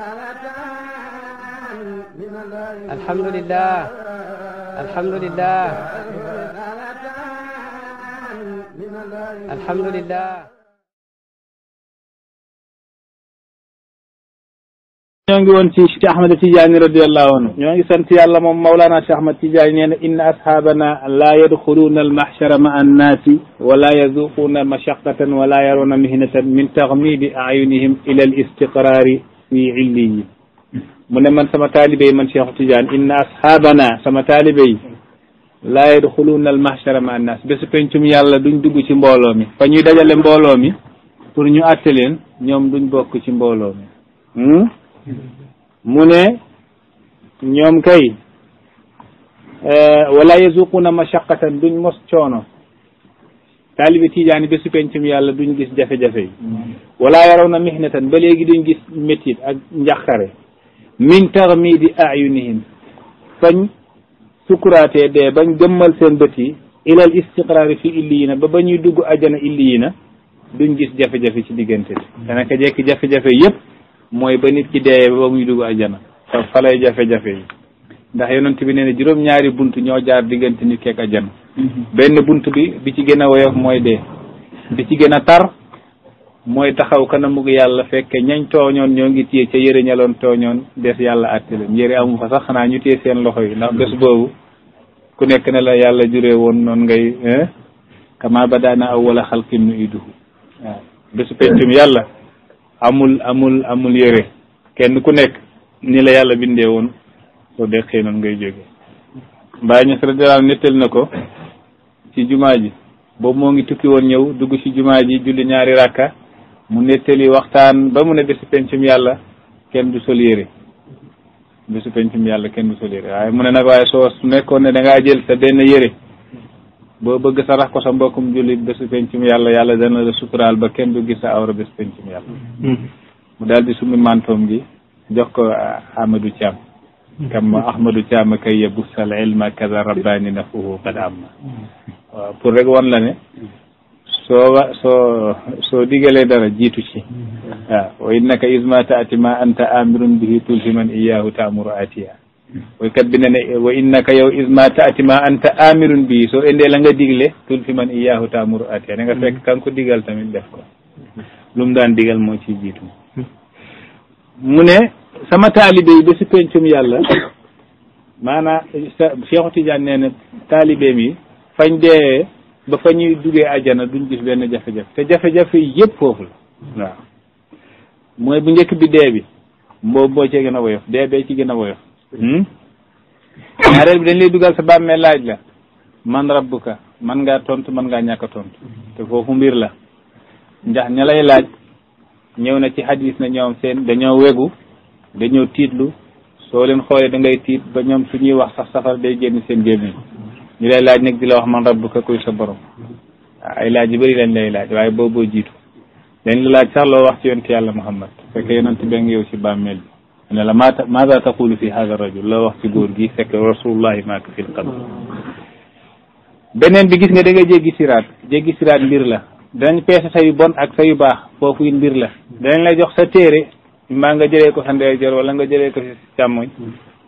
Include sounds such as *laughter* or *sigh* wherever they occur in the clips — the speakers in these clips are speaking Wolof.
الحمد لله الحمد لله الحمد لله ñoo ngi woon ci Cheikh Ahmed Tidiane radiyallahu anhu ñoo ngi sant yàlla moom Mawlana Cheikh Ahmed Tidiane nee na inna ashaabana laa yadxuluuna almahshara maa annaasi wala yazuquuna mashaqqatan wala yarawna mihnatan min taxmidi ayunihim ila alistiqraari fii illiyin mu ne man sama taalibe man man Cheikhu Tidiane inna ashaabana sama taalibe yi laa yadxuluuna almahshara ma annaas bésu pencum yàlla duñ dugg ci mbooloo mi fa ñuy dajale mbooloo mi pour ñu àtte leen ñoom duñ bokk ci mbooloo mi hmm? mu ne ñoom kay eh, wala yazuquuna mashaqqatan duñ mos coono taalibe tiijaani bésu pencum yàlla duñ gis jafe-jafe yi mm. wala yaraw na mihnatan ba léegi duñ gis métit ak njaxare min taxmidi ayunihim fañ sukuraatee dee bañ gëmmal seen bët yi ilal istiqraari fi illiyina ba ba ñuy dugg ajana illiyina duñ gis jafe-jafe ci diggante bi mm. danaka jekki jafe-jafe yépp mooy ba nit ki deeyee ba muy dugg ajana fa falay jafe-jafe yi ndax yonent bi nee na juróom-ñaari bunt ñoo jaar diggante nit keek ajana benn bunt bi bi ci gën a woyof mooy dee bi ci gën a tar mooy taxaw kanamu yàlla fekke ñañ tooñoon ñoo ngi téye ca yëre ñaloon tooñoon des yàlla àtte leen yëre amu fa sax xanaa ñu téye seen loxo yi ndax bés boobu ku nekk ne la yàlla jure woon noonu ngay kama badaana awwala xalqin nu'iiduhu waaw bésu peccum yàlla amul amul amul yëre kenn ku nekk ni la yàlla bindee woon soo deqee noonu ngay jóge mbaa ñu sa radiyallaahu nettal na ko ci jumaa ji boobu moo ngi tukki woon ñëw dugg ci jumaa ji julli ñaari rakka mu nettali waxtaan ba mu ne bésu pencum yàlla kenn du sol yére bésu pencum yàlla kenn du sol yére waaye mu ne nag waaye soo nekkoon ne da ngaa jël sa benn yére boo bëgg sarax ko sa mbokkum jullit bésu pencum yàlla yàlla dana la suturaal ba kenn du gis sa awra bésu pencum yàlla hmm. mu daal summi mantoom gi jox ko Amadou Thiam kamma ahmadou thiama kayya bussal ilma kada rabbani nafuhu amma waaw rek wan la ne soo wa digalee dara jiitu ci waaw wa innaka isma taati ma anta amirun bihi tulhiman iyahu taamuru atiya way kat bi ne ne wa innaka yow isma ma anta amirun bihi soo indee la nga digle tulhiman iyahu taamuru atiya da nga fekk kan digal tamit def ko lu mu digal moo ci jiitu mu ne sama taalibe yi ba si pencum yàlla maanaam Cheikhu Tidiane nee na taalibeem yi fañ deewee ba fa ñuy duggee àjjana duñ gis benn jafe-jafe te jafe-jafe yëpp foofu la waaw mooy bu njëkk bi dee bi mboobu moo cee gën a woyof dee bee ci gën a woyof hmm? ñaareel bi dañ lay dugal sa bàmmeel laaj la man rabbuka man ngaa tontu man ngaa ñàkk a tontu te foofu mbir la ndax ña lay laaj ñëw na ci hadis na ñoom seen dañoo wegu dañoo tiitlu soo leen xoolee dangay ngay tiit ba ñoom su ñuy wax sax safar day génn seen gémmiñ ñu lay laaj nag di la wax man rabbuka kuy sa borom ay laaj yu bëri lañ lay laaj waaye booboo jiitu dañ la laaj sax loo wax ci yàlla Muhammad fekk yonent bi ngi yow ci bàmmeel bi ne la maata maata fi hada rajul loo wax ci góor gi fekk rasulullahi maaka fil qabr beneen bi gis nga da nga jéggi siraat jéggi siraat la danañ peese sa bon ak sa yu baax foofu mbir la danañ la jox sa téere mbaa nga jëlee ko sa ndeyjoor wala nga jëlee ko sa càmmoñ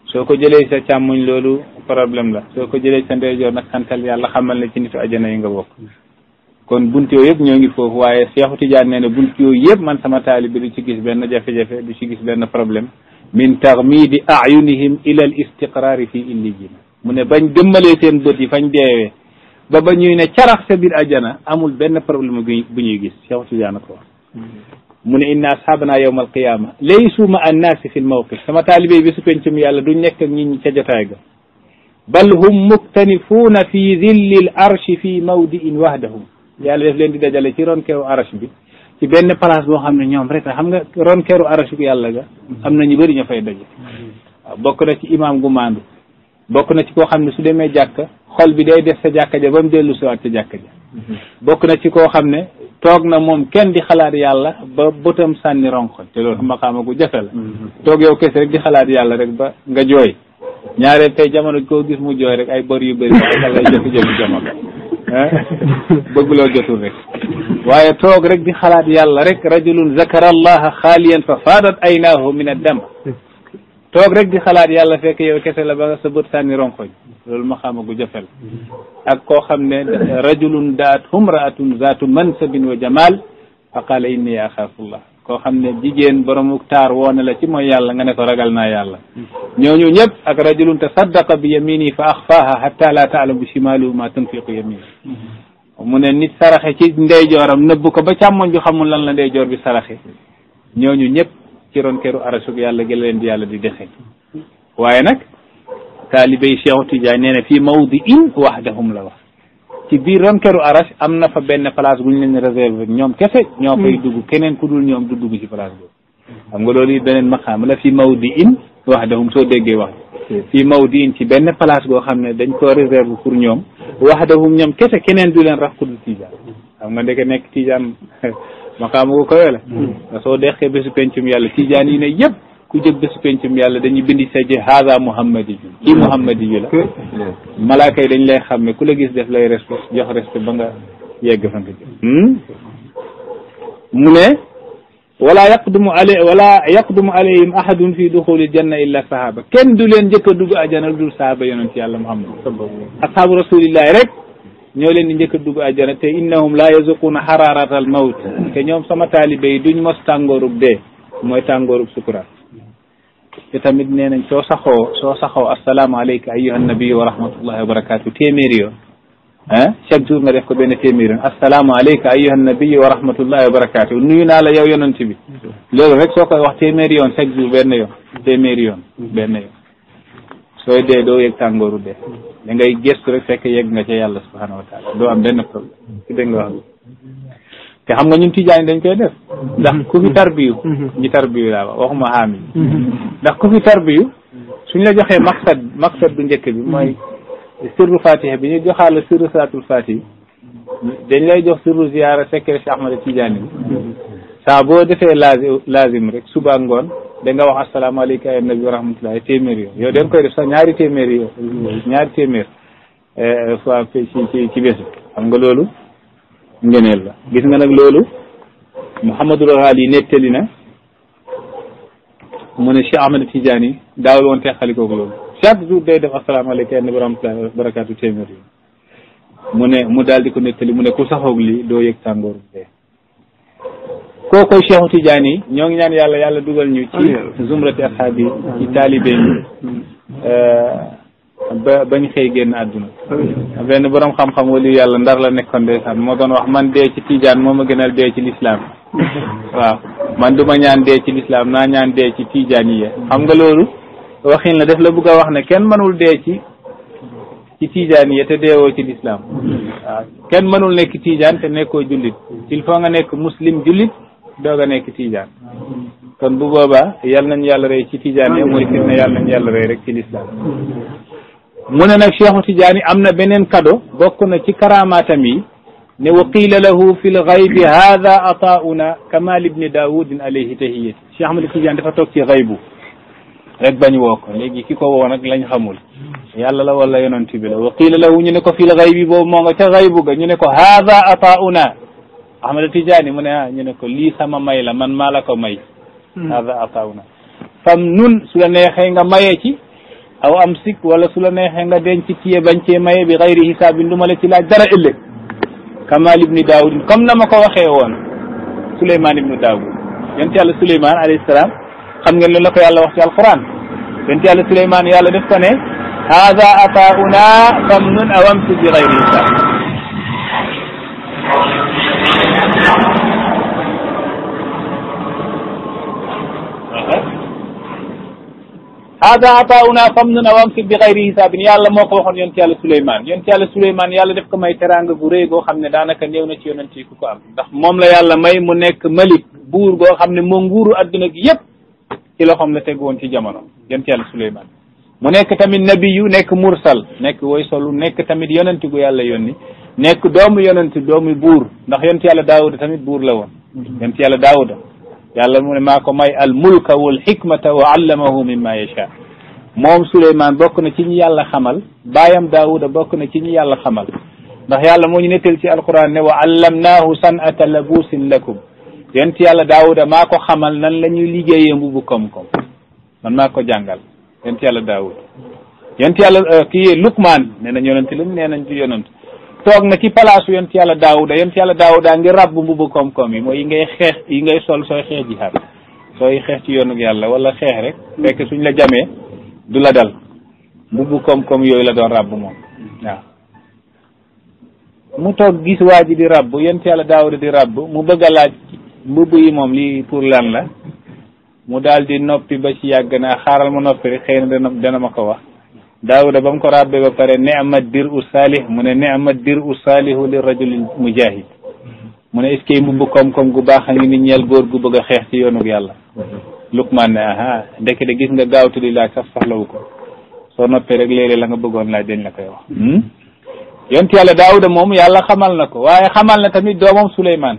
soo ko jëlee sa càmmoñ loolu problème la soo ko jëlee sa ndeyjoor nag santal yàlla xamal ne ci nitu ajana yi nga bokk kon bunt yooyu yëpp ñoo ngi foofu waaye Seexu Tijaan nee na bunt yooyu yëpp man sama taalibe du ci gis benn jafe-jafe du ci gis benn problème min taxmidi ayunihim ila al istiqraari fi illijin mu ne bañ dëmmalee seen bët yi fañ deewee ba ba ñuy ne carax sa biir ajana amul benn problème bu ñuy gis Seexu Tijaan ko mu ne inna ashaabana yawma alqiyama laysu ma annaasi fi lmawqif sama taalibe yi bisu pencum yàlla du nekk ak nit ñi ca jotaay ga bal hum muktanifuuna fi zilli l arshi fi mawdiin wahdahum yàlla def leen di dajale ci ron keeru arsh bi ci benn place boo xam ne ñoom rek xam nga ron keeru arsh bi yàlla ga am na ñu bëri ñu fay daje bokk na ci imaam gu bokk na ci koo xam ne su demee jàkka xol bi day def sa jàkka ja ba mu dellu siwaat ca jàkk ja mm-hmm. bokk na ci koo xam ne toog na moom kenn di xalaat yàlla ba bëtam sànni ronko te loolu maqaama gu jafe la toog yow kese rek di xalaat yàlla rek ba nga jooy ñaareel tey jamono koo gis mu jooy rek ay bor yu bëri ka lay jafe-jafe jamono bëgguloo jotul rek waaye toog rek di xalaat yàlla rek rajulun zakara allaha xaaliyan fa faadat aynaahu min addam toog rek di xalaat yàlla fekk yow kese la ba nga sa bët sànni ronkoñ loolu ma xama gu jëfel ak koo xam ne rajulun daat humraatun zaatu mansabin wa jamal fa qala inni axaafullah koo xam ne jigéen boromu taar woone la ci mooy yàlla nga ne ko ragal naa yàlla ñooñu ñëpp ak rajulun tasaddaqa bi yamini fa axfaaha hatta la taalamu shimaluhu ma tunfiqu yamini mu ne nit saraxe ci am nëbb ko ba càmmoñ bi xamul lan la ndeyjoor bi saraxe ñooñu ñëpp ci ron keru arasug yàlla gi leen di yàlla di dexe waaye nag taalibey Cheikh Tidiane nee na fii mawdi wax wahdahum la wax ci biir ron keru aras am na fa benn place bu ñu leen réservé ñoom kese ñoo fay hmm. dugg keneen ku dul ñoom du dugg ci place boobu xam nga loolu yi beneen maqaam la fii mawdi in wahdahum soo déggee wax hmm. fii mawdi in ci benn place goo xam ne dañ ko réserve pour ñoom wax wahdahum ñoom kese keneen du leen rax ku dul Tidiane xam nga *laughs* maqaama gu kawe la hmm. nga soo deqee bésu pencum yàlla tijaan yi ne yëpp ku jëg bésu pencum yàlla dañuy bindi sa ji haada muhammadi yu kii muhammadi yu la malaaka yi dañ lay xàmme ku la gis def lay respect jox respect ba nga yegg fa nga jëm hmm? mu ne wala yaqdumu alay wala yaqdumu alayhim ahadun fi duxuli janna illa sahaba kenn du leen njëkk a dugg àjjana dul sahaba yonent yàlla muhammad ashaabu rasulillahi rek ñoo leen di njëkk a dugg àjjana te innahum la yazuquuna xaraarata al te ñoom sama taalibe yi duñ mos tàngoorub dee mooy tàngoorub sukuraat te tamit nee nañ soo saxoo soo saxoo assalaamu aleyka ayyuha nabiyu wa rahmatullahi wa barakatu téeméeri yoon ah chaque jour def ko benn téeméeri yoon assalaamu aleyka ayyuha nabiyu wa rahmatullahi wa barakatu nuyu naa la yow yonent bi mm-hmm. loolu rek soo koy wax téeméeri yoon chaque jour benn yoon téeméeri mm-hmm. sooy dee doo yëg tàngooru dee da ngay gëstu rek fekk yegg nga ca yàlla subhanahu wa doo am benn problème si dégg nga wax te xam nga ñun tijaani dañ koy def ndax ku fi tarbiyu ñi tarbiyu laa wax waxuma xaamin ndax ku fi tarbiyu suñ la joxee maqsad maqsad bu njëkk bi mooy sirru fatiha bi ñu joxaala sirru salaatul fatiha dañ lay jox sirru ziyaara secret Cheikh Ahmada Tijaani bi saa boo defee laazim rek suba ngoon da nga wax asalaamaaleykum ay nabi wa rahmatullahi téeméer yoon yow da koy def sax ñaari téeméer yow ñaari téeméer fois eh, ci ci bés bi xam nga loolu ngeneel la gis nga nag loolu mu Muhammadul yi nettali na mu ne Cheikh Ahmed Tidiane daawul woon teqalikoog loolu chaque jour day def asalaamaaleykum ay nabi wa rahmatullahi wa barakaatu téeméer yoon mu ne mu daal di ko nettali mu ne ku saxoog lii doo yëg tàngooru koo koy Cheikhu Tidiane yi ñoo ngi ñaan yàlla yàlla dugal ñu ci zumrati ashaab yi ci taalibe euh, ñu ba bañ xëy génn àdduna benn borom xam-xam wali yàlla ndar la nekkoon ndeysaan moo doon wax man dee ci Tidiane moo ma gënal dee ci lislaam *laughs* waaw man du ma ñaan dee ci lislaam naa ñaan dee ci Tidiane yi xam nga loolu waxin na def la bugg a wax ne kenn mënul dee ci ci tiijaan yi te deewoo ci lislaam waaw kenn mënul nekk tiijaan te nekkoo jullit il nga doog a nekk tijaan kon bu boobaa yal nañ yàlla re ci tijaan yi mooy firnde yal nañ yàlla rey rek ci lislaam mu ne nag Cheikhu Tijaani am na benen kado bokk na ci karaamaatam mi ne wa qiila lahu fi lxaybi haada ataauna kamal ibni daawudin alayhi tahiyati Cheikh Ahmad Tijaani dafa toog ci xaybu rek bañ woo ko léegi ki ko woo nag lañ xamul yàlla la wala yonent bi wa qiila lahu ñu ne ko fi lxaybi boobu moo ca xaybu ga ñu ne ko haada ataauna Ahmad Tijaani mu ne ah ñu ne ko lii sama may la man maa la ko may hmm. hada ataw na fam nun su nga mayee ci aw am sik wala la neexee nga denc tiye bañ cee maye bi xayri hisaabin du ma la ci laaj dara ëllëg kamal ibni daawud comme na ma ko waxee woon suleyman ibnu daawud yonent yàlla suleyman alayhi salaam xam ngeen loolu la ko yàlla wax ci alquran yonent yàlla suleyman yàlla def ko ne hada ataauna fam nun aw am bi xayri hisaab hada atauna famnun aw amsik bi xayri hisaabin yàlla moo ko waxoon yonent yàlla Souleymane yonent yàlla Souleymane yàlla def ko may teraanga gu rëy goo xam ne daanaka néew na ci yonent yi ku ko am ndax moom la yàlla may mu nekk malik buur goo xam ne moo nguuru adduna gi yépp ci loxoom la tegu woon ci jamono yonent yàlla Souleymane mu nekk tamit nabiyu nekk mursal nekk woy solu nekk tamit yonent gu yàlla yónni nekk doomu yonent doomu buur ndax yonent yàlla Daawuda tamit buur la woon yonent yàlla yàlla mu ne maa ko may al mulka wal xikmata wa allamahu mimma yasha moom Souleymane bokk na ci ñu yàlla xamal baayam Daawuda bokk na ci ñu yàlla xamal ndax yàlla moo ñu nettal ci alquran ne wa allamnaahu san'ata labusin lakum yent yàlla Daawuda maa ko xamal nan la ñuy liggéeyee mbubu koom-koom man maa ko jàngal yent yàlla Daawuda yent yàlla kii Lukmaan nee nañ yonent la nee nañ ci yonent toog na ci palaasu yonent yàlla daawuda yonent yàlla daawuda ngi ràbb mbubu koom-koom yi mooy yi ngay xeex yi ngay sol sooy xeex jihaad sooy xeex ci yoonu yàlla wala xeex rek fekk suñ la jamee du la dal mbubu koom-koom yooyu la doon ràbb moom waaw mu toog gis waa ji di ràbb yonent yàlla daawuda di ràbb mu bëgg a laaj mbubb yi moom lii pour lan la mu daal noppi ba ci yàgg naa xaaral ma noppi rek xëy na dana dana ma ko wax daawuda ba mu ko rabbe ba pare nema dir u salih mu ne nema dir u salihu li rajulil mujahid mu ne est-ce que kom koom gu baax a ngi ni ñeel góor gu bëgg a xeex ci yoonu yàlla Luqman ne aha ndeke de gis nga gaawtu di laaj sax soxlawu ko soo noppee rek léeg-léeg la nga bëggoon laaj dañ la ko wax hmm? yonent yàlla daawuda moom yàlla xamal na ko waaye xamal na tamit doomam Souleymane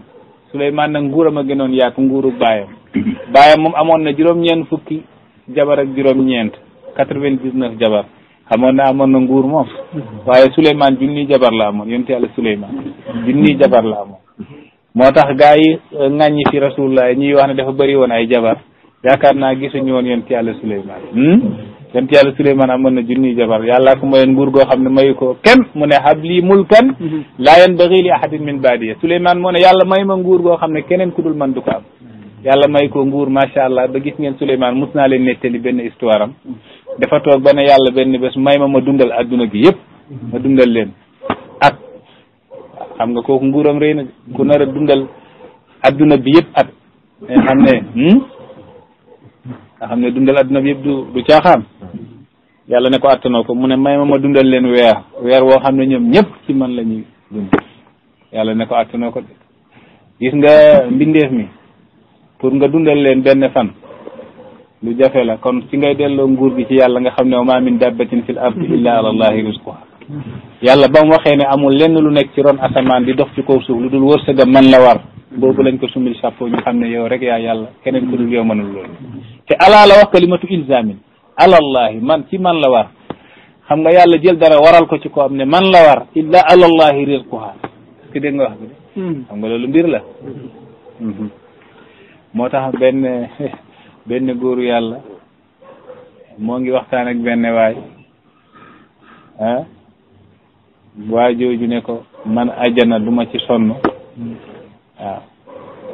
Souleymane nag nguuram a gënoon yaatu nguuru baayam *coughs* baayam moom amoon na juróom-ñeent fukki jabar ak juróom ñeent jabar amoon na amoon na nguur moom waaye Souleymane junni jabar la amoon yonent yàlla Souleymane junni jabar la amoon moo tax gaa yi euh, ŋàññi fi rasulullah ñuy wax ne dafa bari woon ay jabar yaakaar naa gisuñu woon yonent yàlla Souleymane hmm? yonent yàlla Souleymane amoon na junni jabar yàlla ko mayoon nguur goo xam ne mayu ko kenn mu ne habli mulkan laa yanbaghi li ahadin min baadiya Souleymane moo ne yàlla may ma nguur goo xam ne keneen ku dul man du ko am yàlla may ko nguur macha allah ba gis ngeen Souleymane mus naa leen nettali benn histoire dafa toog ba ne yàlla benn bés may ma ma dundal adduna gi yëpp ma dundal leen at xam nga kooku nguuram rëy na ku nar a dundal adduna bi yëpp at nga xam ne hmm? nga xam ne dundal adduna bi yëpp du du caaxaan yàlla ne ko attanoo ko mu ne may ma ma dundal leen weer weer woo xam ne ñoom ñëpp ci man la ñuy dund yàlla ne ko attanoo ko gis nga mbindeef mi pour nga dundal leen benn fan lu jafe la kon ci ngay delloo nguur gi ci yàlla nga xam ne wa ma min dabbatin fil ardi illa ala allahi rizquha yàlla ba mu waxee ne amul lenn lu nekk ci ron asamaan di dox ci kaw suuf lu dul wërsëgam man la war boobu lañ ko sumil chapeau ñu xam ne yow rek yaa yàlla keneen ku dul yow mënul loolu te alaa la wax kalimatu ilzamin alallahi man ci man la war xam nga yàlla jël dara waral ko ci ko am ne man la war illa alallahi rizquha ki dégg nga wax bi de hmm. xam nga loolu mbir la hmm. moo tax benn *laughs* benn góoru yàlla moo ngi waxtaan ak benn waay ah waa jooju ne ko man ajjana du ma ci sonn waaw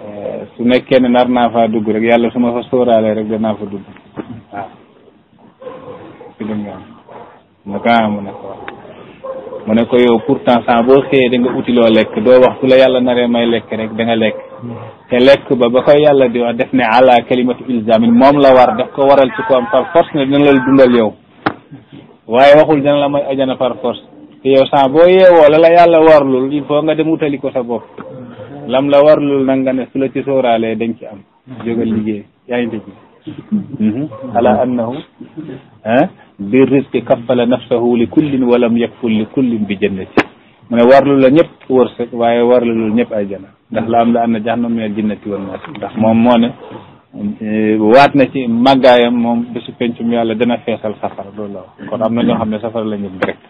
eh, su nekkee ne nar naa faa dugg rek yàlla su ma fa sóoraale rek danaa fa dugg waaw mu ko ah, mu ne ko mu ne ko yow pourtant sans boo xëyee da nga loo lekk doo wax ku la yàlla naree may lekk rek da nga lekk te lekk ba ba koy yàlla di def ne ala kalimatu ilzamin moom la war daf ko waral ci ko am par force ne dina la dundal yow waaye waxul dina la may ajana par yow sans boo yeewoo la yàlla warlul il faut nga dem wutali ko sa bopp lam la warlul nag nga ne su la ci sóoraalee dañ ci am jógal liggéey yaa ngi dégg mhm. ala annahu ah bi risqi kaffala nafsahu li kullin walam yakful li kullin bi jannati mu ne warlul la ñëpp wërsëg waaye warlulul ñëpp ajana ndax la am la anna jahannama minal jinnati wan naas ndax moom moo ne waat na ci màggaayam moom bésu pencum yàlla dana feesal safara loolu la wax kon am na ñoo xam ne safara la ñu direct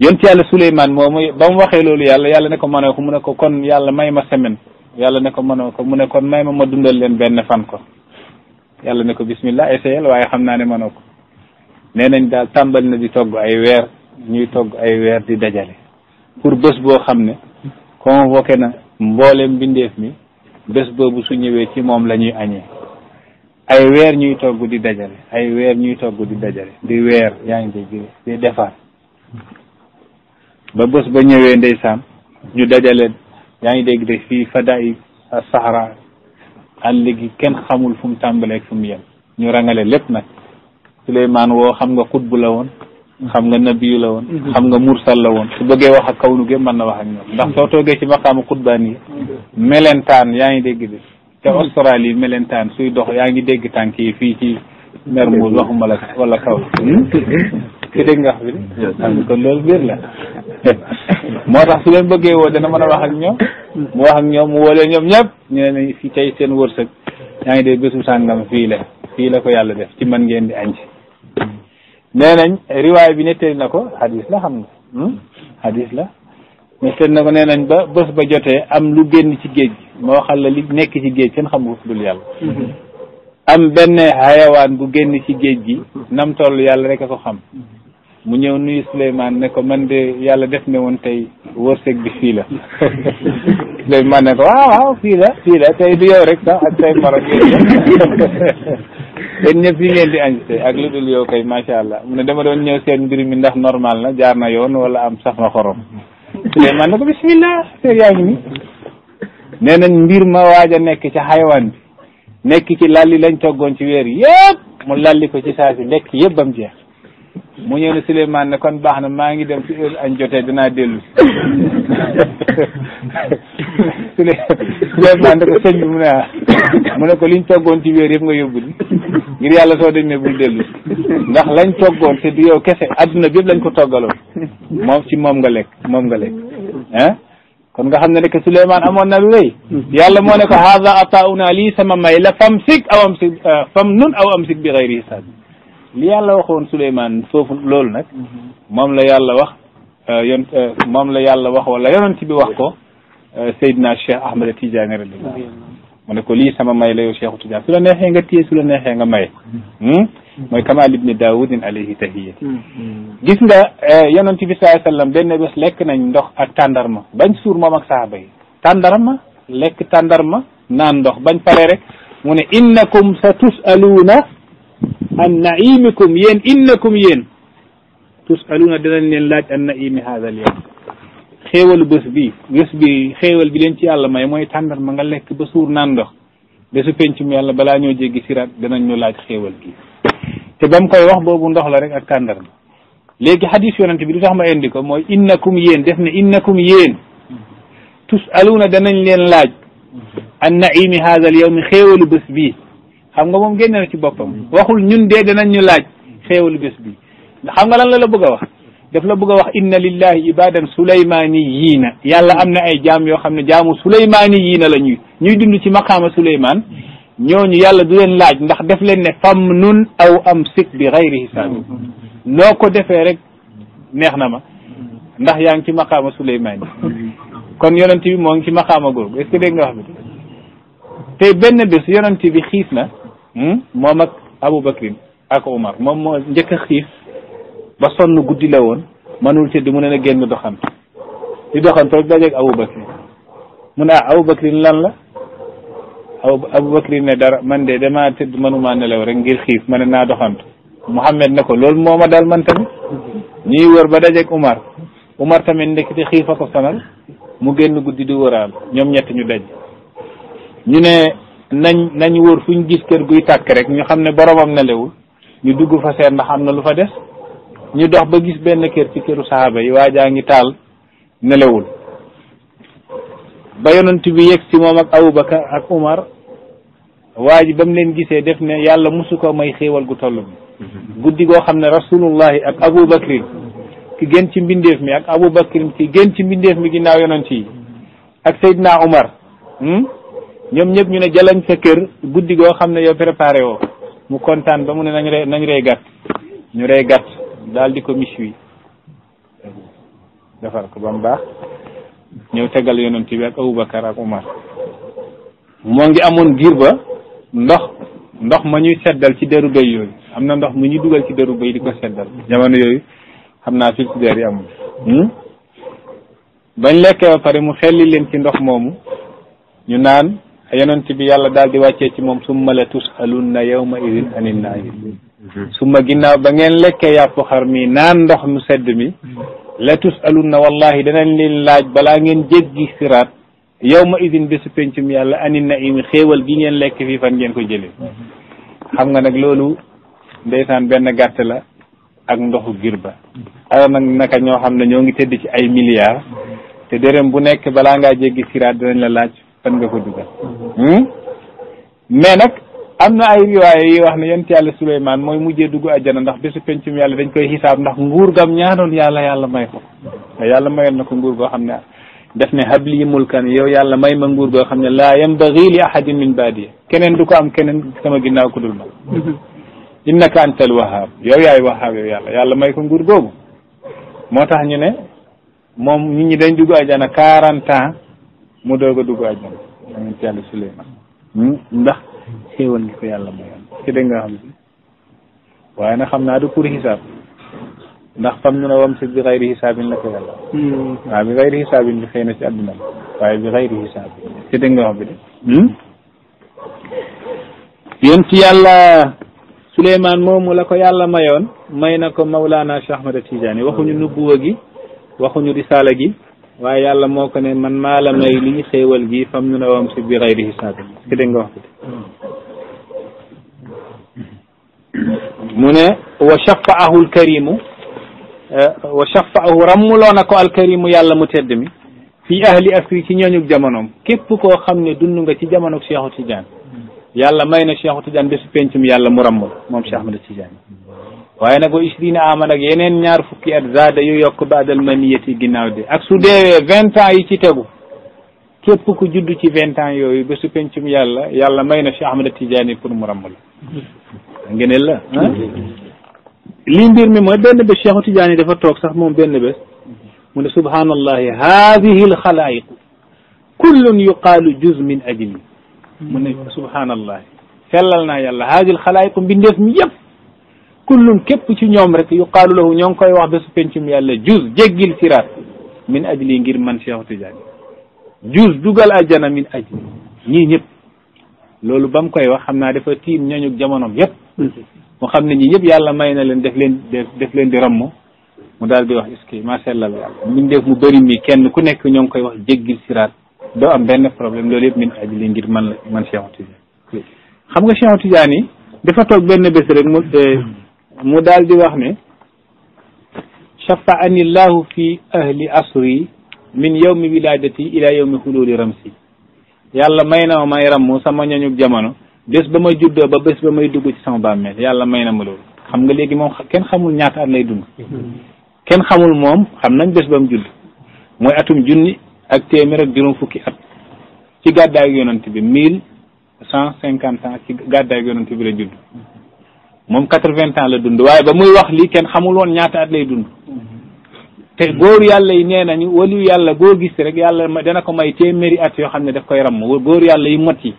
yonent yàlla Souleymane moomu ba mu waxee loolu yàlla yàlla ne ko mënoo ko mu ne ko kon yàlla may ma semaine yàlla ne ko mënoo ko mu ne kon may ma ma dundal leen benn fan ko yàlla ne ko bismillah essayel waaye xam naa ne mënoo ko nee nañ daal tàmbali na di togg ay weer ñuy togg ay weer di dajale pour bés boo xam ne convoqué na mboolem mbindeef mi bés boobu su ñëwee ci moom la ñuy añee ay weer ñuy togg di dajale ay weer ñuy togg di dajale di weer yaa ngi dégg di defar ba bés ba ñëwee ndeysaan ñu dajale yaa ngi dégg de fii fadaay sahara àll gi kenn xamul fu mu tàmbalee ak fu ñu rangale lépp nag Suleymaan woo xam nga xut bu la woon xam nga nabiyu la woon mhm. xam nga mursal la woon su bëggee wax ak kaw nu gépp mën na wax ak ñoom ndax soo toogee ci maqaamu xutbaan yi melentaan yaa ngi dégg bi te mhm. Australie melentaan suy dox yaa ngi dégg tànk yi fii ci Mermoz waxuma la wala kaw mhm. ki dégg nga xam kon loolu biir la *laughs* moo tax su leen bëggee woo dana mën a wax ak ñoom mu wax ak ñoom mu woolee ñoom ñëpp ñu ne fi tey seen wërsëg yaa ngi dee bésu sàngam fii la fii la ko yàlla def ci man ngeen di añ nee nañ riwaay bi nettali na ko hadis la xam nga hadis hmm? la nettali na ko nee nañ ba bës ba jotee am lu génn ci géej gi moo xam la li nekk ci géej kenn xamul dul yàlla mm-hmm. am benn xayawaan bu génn ci géej gi nam toll yàlla rek a ko xam mu ñëw nuyu Souleymane ne ko man de yàlla def ne woon tey wërsëg bi fii la *laughs* Souleymane ne ko waaw waaw fii la fii la tey du yow rek sax ak say farak *laughs* yéen ñëpp yi ngeen di invité ak lu dul yow kay macha allah mu ne dama doon ñëw seen mbir mi ndax normal na jaar na yoon wala am sax na xorom Souleymane ne ko bismillah te yaa ni nee nañ mbir ma waaj a nekk ci xaywaan bi nekk ci lal yi lañ toggoon ci weer yëpp mu lalli ko ci saa si lekk yëpp bam jeex mu ñëw ne Souleymane ne kon baax na maa ngi dem su heure añ jotee dinaa dellu Souleymane *laughs* ne ko sëñ bi mu ne mu ne ko liñ toggoon ci wéer yëpp nga yóbbu ngir yàlla soo dañ bul dellu ndax lañ toggoon te du yow kese adduna bi yëpp lañ ko toggaloon moom ci moom nga lekk moom nga lekk ah kon nga xam ne ne que Souleymane amoon na lu rëy yàlla moo ne ko haada ataauna lii sama may la fam sig aw am sig euh, fam nun aw am sig bi xayri hisaab li yàlla waxoon Souleymane foofu loolu nag moom la yàlla wax euh, yon euh, moom la yàlla wax wala yonent bi wax ko euh, Seydina Cheikh Ahmed Tidiane radiyallahu mu ne ko lii sama may la yow Cheikh Tidiane su la neexee nga téye su la neexee nga may hmm? mooy kamal ibni daawudin alayhi tahiyati gis nga yonent bi sallallahu alayhi wasallam benn bés lekk nañ ndox ak tàndarma bañ suur moom ak saaba yi tàndarma lekk tàndarma naan ndox bañ pare rek mu ne innakum sa tusaluuna an naimikum yéen innakum yéen tusaluuna danañ leen laaj an naimi haadal yawm bés bi bés bi xewal bi leen ci yàlla may mooy tàndar ma nga lekk ba suur naan ndox bésu pencum yàlla balaa ñoo jéggi siraat danañ ñu laaj xéewal gi te ba mu koy wax boobu ndox la rek ak tàndar ma léegi xadis yonent bi du tax ma indi ko mooy innakum yéen def ne innakum yéen tusaluuna danañ leen laaj an naimi haadal yawmi xéewalu bés bi xam nga moom génne na ci boppam waxul ñun dee danañ ñu laaj xéewalu bés bi xam nga lan la la bëgg a wax daf la bëgg a wax inna lillahi ibadan yii na yàlla am na ay jaam yoo xam ne jaamu sulaymaani yiina la ñuy ñuy dund ci maqaama suleymaan ñooñu yàlla du leen laaj ndax def leen ne fam nun aw am sik bi gayri hisaabi noo ko defee rek neex na ma ndax yaa ngi ci maqaama suleymaan kon yonent bi moo ngi ci maqaama googu est-ce dégg nga wax bi na Hmm? moom ak Abu Bakrin ak Umar moom moo njëkk a xiif ba sonn guddi la woon mënul tëdd mu ne na génn doxan di doxan toog dajeeg Abu Bakrin mu ne ah Abu Bakrin lan la abu Abu Bakrin ne dara man de damaa tëdd mënuma nelaw rek ngir xiif ma ne naa doxantu Muhammad ne ko loolu moo ma dal man tamit ñuy wër ba dajeeg Umar Umar tamit ndekete xiif a ko sonal mu génn guddi di wëraal ñoom ñett ñu daj ñu ne nañ nañ wóor fu ñu gis kër guy tàkk rek ñu xam ne boromam nelewul ñu dugg fa seet ndax am na lu fa des ñu dox ba gis benn kër ci këru saxaaba yi waa jaa ngi taal nelewul ba yonent bi yegg si moom ak Abubakar ak Umar waa ji ba mu leen gisee def ne yàlla mosu ko may xéewal gu toll bi guddi goo xam ne rasulullahi ak Abubakrin ki gën ci mbindeef mi ak Abubakrin ki gën ci mbindeef mi ginaaw yonent yi ak Seydina Umar hmm? ñoom ñëpp ñu ne jalañ sa kër guddi goo xam ne yow préparé woo mu kontaan ba mu ne nañu rey nañu rey gàtt ñu rey gàtt daal di ko mis wi defar ko ba mu baax ñëw tegal yoonoon bi ak Abubakar ak Umar moo ngi amoon giir ba ndox ndox ma ñuy seddal ci deru béy yooyu am na ndox mu ñuy dugal ci deru béy di ko seddal jamono yooyu xam naa frigidaire yi amul hmm? bañ lekkee ba pare mu xelli leen ci ndox moomu ñu naan yonent bi yàlla daal di wàccee ci moom summa la tusalunna yawma idin anin naim summa ginnaaw ba ngeen lekkee yàpp xar mi naan ndox mu sedd mi la tusalunna wallahi danañ leen laaj balaa ngeen jéggi siraat yawma idin bésu pencum yàlla anin naimi xéewal gi ngeen lekk fii fan ngeen ko jëlee xam nga nag loolu ndeysaan benn gàtt la ak ndoxu girba ala nag naka ñoo xam ne ñoo ngi tëdd ci ay milliards te dërëm bu nekk balaa ngaa jéggi siraat danañ la laaj fan nga ko dugal hmm? mais nag am na ay riwaay yi wax na yonent yàlla Suleymaan mooy mujjee dugg àjjana ndax bésu pencum yàlla dañ koy xisaab ndax nguur gam ñaanoon yàlla yàlla may ko yàlla mayoon na ko nguur goo xam ne def ne habli mulkan yow yàlla may ma nguur goo xam ne laa yambagi li ahadin min baadi keneen du ko am keneen sama ginnaaw ku dul ma innaka antal wahaab yow yaay wahaab yow yàlla yàlla may ko nguur googu moo tax ñu ne moom nit ñi dañ dugg àjjana quarante ans mu doog a dugg àjjana amin ci yàlla Souleymane hmm? ndax xéewal gi ko yàlla mayoon ci dégg nga xam si waaye nag xam naa du pour xisaab ndax fam ñu ne wam si bi xayri xisaabin la ko yàlla hmm. waaw àdduna waaye bi xayri xisaabin ci dégg nga xam bi de hmm? yéen ci yàlla Souleymane moomu la ko yàlla mayoon may na ko Mawlana Cheikh Ahmad Tidiane waxuñu nubuwa gi waxuñu risaala gi waaye yàlla moo ko ne man maa la may lii xéewal gi fam ñu ne wam si bi xayri hisaabin est-ce que dégg nga wax bi mu ne wa shafaahu alkarimu eh, wa shafaahu rammuloona ko alkarimu yàlla mu tedd mi fii ahli asri ci ñooñu jamonoom képp koo xam ne dund nga ci jamono Cheikhu Tidiane yàlla may na Cheikhu Tidiane bésu pencum yàlla mu rammul moom Cheikh Ahmada Tidiane waaye nag wa ishrina aman ak yeneen ñaar fukki at zaada yu yokk baadal maniyati ginnaaw de ak su deewee vingt ans yi ci tegu képp ku juddu ci vingt ans yooyu ba su pencum yàlla yàlla may na Cheikh Ahmada Tidiane pour mu ràmm la ngeneel ah? la li mbir mi mooy benn bés Cheikh Tidiane dafa toog sax moom benn bés mu ne subhanallahi haadihi l xalaayiqu kullun yuqaalu juz min ajli mu ne na sellal naa yàlla haadihi l xalaayiqu mbindeef mi yëpp kullun képp ci ñoom rek yuqaalu lahu ñoo ngi koy wax bésu pencum yàlla juz jéggil siraat min ajli ngir man Cheikh Tidiane juz dugal ajjana min ajli ñii ñëpp loolu ba koy wax xam naa dafa tiim ñooñu jamonoom yëpp mu xam ne ñi ñëpp yàlla may na leen def leen def leen di ramm mu daal di wax est-ce que macha allah mu def mi kenn ku nekk ñoo ngi koy wax jéggil siraat doo am benn problème loolu yëpp min ajli ngir man la man Cheikh xam nga Cheikh Tidiane yi dafa toog benn bés rek mu eh, mu daal di wax ne shafaani llahu fi ahli asri min yawmi wiladati ila yawmi xululi ramsi yàlla may na ma may rammu sama ñoñug jamono bés ba may juddoo ba bés ba may dugg ci sama bàmmeel yàlla may na ma loolu xam nga léegi moom kenn xamul ñaata at lay dund kenn xamul moom xam nañ bés ba mu judd mooy atum junni ak téeméer ak juróom fukki at ci gàddaayu yonent bi mille cent cinquante ans ci gàddaayu yonent bi la judd moom quatre vingt ans la dund waaye ba muy wax lii kenn xamul ñaata at lay dund te góor yàlla yi nee nañu waliyu yàlla goo gis rek yàlla dana ko may téeméeri at yoo xam ne daf koy ramm góor yàlla yi mot yi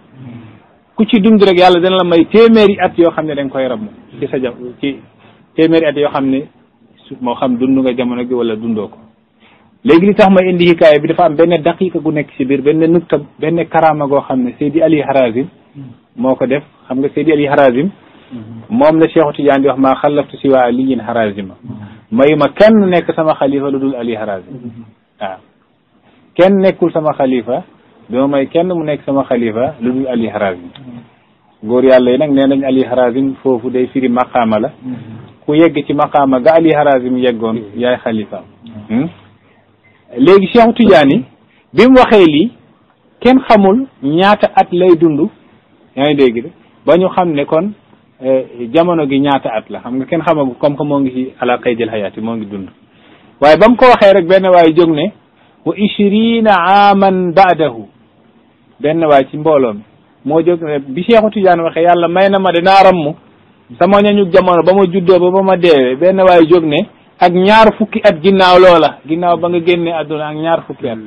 ku ci dund rek yàlla dana la may téeméeri at yoo xam ne da koy ramm ci sa ja ci téeméeri at yoo xam ne moo xam dund nga jamono gi wala dundoo ko léegi li tax ma indi bi dafa am benn daqiiqa gu nekk ci biir benn nukta benn karaama goo xam ne Seydi Ali Harazim moo ko def xam nga Seydi Ali Harazim Mhm. moom la Cheikhu Tidiane di wax maa xallaftu si waa Aliyin Harazima mhm. mayuma kenn nekk sama xalifa lu dul Ali Harazim mhm. waaw kenn nekkul sama xalifa dama may kenn mu nekk sama xalifa lu dul Ali Harazim góor yàlla yi nag nee nañ Ali Harazim foofu day firi maqaama la ku yegg ci maqaama ga Ali Harazim yeggoon yaay xalifaam hmm? léegi Cheikhu Tidiane bi mu waxee lii kenn xamul ñaata at lay dund yaa ngi dégg de ba ñu xam ne kon Eh, jamono gi ñaata at la xam nga kenn xamagu comme que moo ngi ci ala qaydil hayaati moo ngi dund waaye ba mu ko waxee rek benn waay jóg ne wa ishrina aaman baadahu benn waay ci mbooloo mi moo jóg ne bi Cheikhu Tidiane waxee yàlla may na ma de naa ràmm sama ñañu jamono ba ma juddoo ba ba ma deewee benn waay jóg ne ak ñaar fukki at ginnaaw loola ginnaaw ba nga génnee àdduna ak ñaar fukki at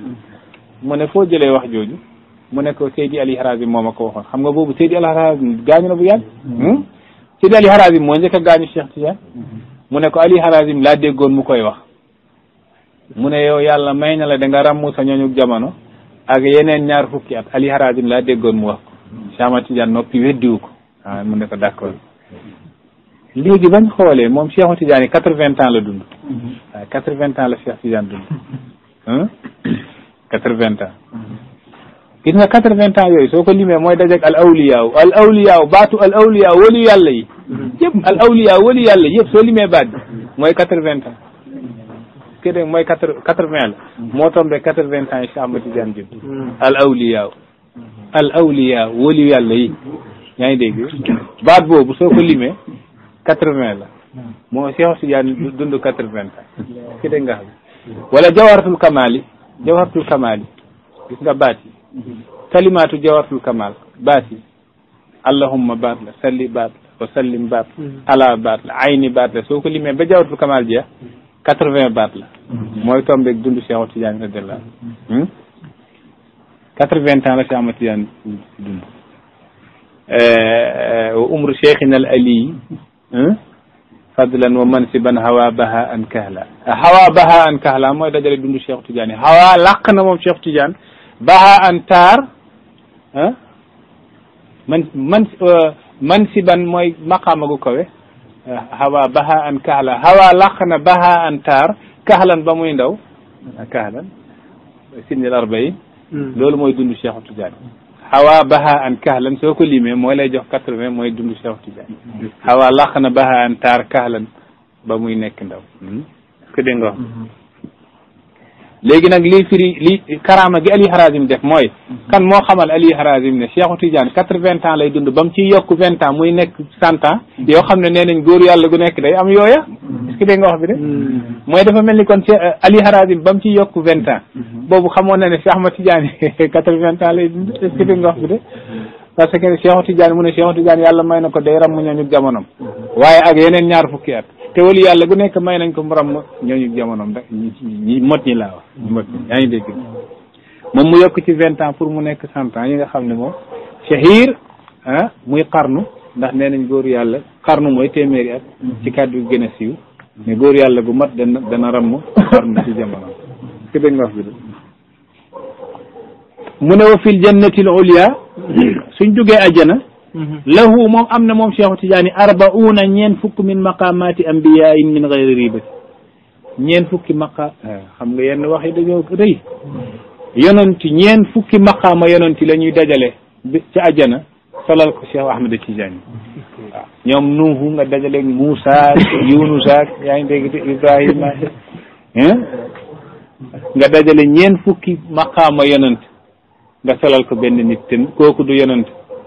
mu ne foo jëlee wax jooju mu ne ko Seydi Ali Harazim moo ma ko waxoon xam nga boobu Seydi Ali Harazim gaañu na bu yàgg hmm? Sidi Ali Harazim moo njëkk a gaañu Cheikh Tidiane mu ne ko Ali Harazim laa déggoon mu koy wax mu ne yow yàlla may na la da nga ràmm sa ñooñu jamono ak yeneen ñaar fukki at Ali Harazim laa déggoon mu wax ko Cheikh Ahmad Tidiane noppi weddiwu ko waaw ah, mu ne ko d'accord léegi bañ xoolee moom Cheikh Tidiane quatre-vingts ans la dund waaw mm-hmm. ah, quatre-vingts ans la Cheikh Tidiane dund *coughs* quatre-vingts ans mm-hmm. gis nga quatre vingt ans yooyu soo ko limee mooy dajek al awliyaaw al awliyaaw baatu al awliyaaw walu yàlla yi yëpp al awliyaaw walu yàlla mooy quatre vingt ans kii moo tombé quatre vingt ans yi Cheikh ngi dégg baat boobu soo ko limee quatre vingt la moo Cheikh Tidiane dund quatre vingt ans kii dégg nga xam wala jawaratul kamaali jawaratul kamaali gis nga baat kalimaatu jawaratul kamal baat yi allahumma baat la salli baat la wa baat la ala baat la ayni baat la soo ko limee ba jawaratul kamal jeex quatre baat la mooy tombeeg dund Cheikhu Tidiane radiyallahu anhu quatre vingt ans la Cheikh Ahmad Tidiane wa umru cheikhina ali fadlan wa mansiban hawa baha an kahla hawa baha an kahla mooy dajale dund Cheikhu Tidiane hawa làq moom Cheikhu Tidiane baha an taar ah, man man euh, mansiban mooy maqaama gu kawe ah, hawa baha an kahla hawa laq na baha an taar kahlan ba muy ndaw ah, kahlan sinil arbayin hmm. loolu mooy dundu Cheikh Tidiane hawa baha an kahlan soo ko limee moo lay jox quatre-vingt mooy dundu Cheikh Tidiane hmm. hawa laq baha an taar kahlan ba muy nekk ndaw hmm. ko dégg nga léegi nag liy firi lii karaama gi Ali Harazim def mooy mhm. kan moo xamal Ali Harazim ne Cheikhu Tidiane quatre-vingts ans lay dund ba mu ciy yokk vingt ans muy nekk cent ans mhm. yoo xam ne nee nañ góor yàlla gu nekk day am yooya mhm. est nga wax bi de mooy dafa mel ni kon Cheikh euh, Ali Harazim ba mu ciy yokk vingt ans boobu xamoon na ne Cheikh Ahmad Tidiane *laughs* quatre-vingts ans lay dund est nga wax bi de parce que Cheikhu Tidiane mu ne Cheikhu Tidiane yàlla may na ko day ram mu ñooñu jamonom waaye ak yeneen ñaar fukki at te wala yàlla gu nekk may nañ ko mu ràmm ñooñu jamonoom rek ñi ñi mot laa wax ñi yaa ngi dégg moom mu yokk ci vingt ans pour mu nekk cent ans yi nga xam ne moom shahir ah muy xarnu ndax nee nañ góor yàlla xarnu mooy téeméeri at ci kàddu gi gën a siiw mais góor yàlla gu mat dana dana ràmm xarnu ci jamonoom est wax bi mu ne wa fil jannatil ulya suñ duggee ajjana Mm-hmm. lahu moom am na moom Cheikhu Tidiane arbauna ñeen fukk min maqamati ambiyain min gayri ribati ñeen fukki maqa xam nga yenn wax yi dañoo rëy yonanti ñeen fukki maqaama yonanti la ñuy dajale ci ajjana solal ko Cheikh Ahmada Tidiane waaw ñoom nuuhu nga dajaleeg Moussa Yunusa yaa ngi dégg Ibrahima nga dajale ñeen fukki maqaama yonant nga solal ko benn nit te kooku du yonant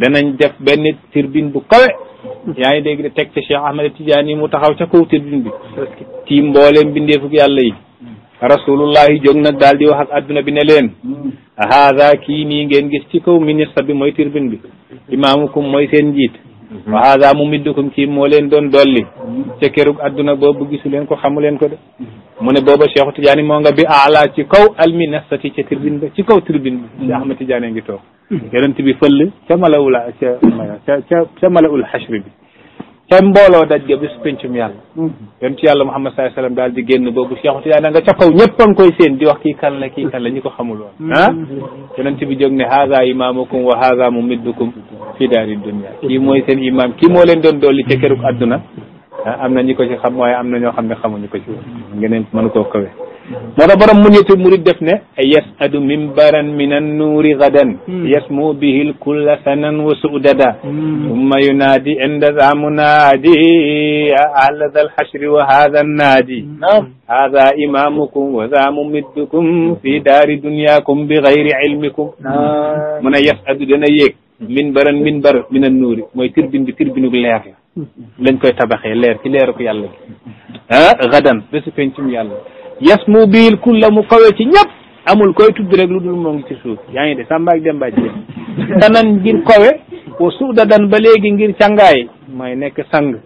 danañ def benn tirbin bu kawe yaa ngi dégg de teg ci Cheikh Ahmed Tidiane mu taxaw ca kaw turbine bi ci mbooleem bindeefuk yàlla yi rasulullahi jóg nag daal di wax ak adduna bi ne leen haada kii nii ngeen gis ci kaw ministre bi mooy turbine bi imaamukum mooy seen njiit wa haada mu middukum kii moo leen doon dolli ca kërug adduna boobu gisu leen ko xamu leen ko de mu ne booba Cheikh Tidiane mo nga bi aala ci kaw alminasati ca turbine ba ci kaw turbine bi Cheikh Ahmed Tidiane ngi toog *coughs* yonent bi fëll ca malawul ca ca ca ca malawul xashri bi ca mbooloo daj ga bis pencum yàlla mm-hmm. yonent yàlla Muhammad sallallahu alayhi wasallam daal di génn boobu Cheikh Tidiane nga ca kaw ñëpp a koy séen di wax kii kan la kii kan la ñi ko xamul woon mm-hmm. ah yonent bi jóg ne haza imamukum wa haza mumiddukum fi i dunia kii mooy seen imam kii moo leen doon dolli ca kërug adduna ah am na ñu ko ci xam waaye am na ñoo xam ne xamuñu ko ci woon ngeneen mën koo kawe moo tax borom munyatul murid def ne yasadu mimbaran min annuuri gadan yasmu bihil kulla sanan wa suudada ثم ينادي عند ذا منادي يا أهل ذا الحشر وهذا النادي هذا إمامكم وذا ممدكم في دار دنياكم بغير علمكم من يسعد دنا يك min baran min bar min an nuuri mooy tirbin bi tirbinu leer la lañ koy tabaxee leer ci leeru ko yàlla gi ah gadan bésu pencum yàlla yes mu biil mu kawe ci ñëpp amul koy tudd rek lu dul ci suuf yaa ngi de Samba ak Demba ci danan ngir kawe wa suuda dan ba ngir cangaay mooy nekk sang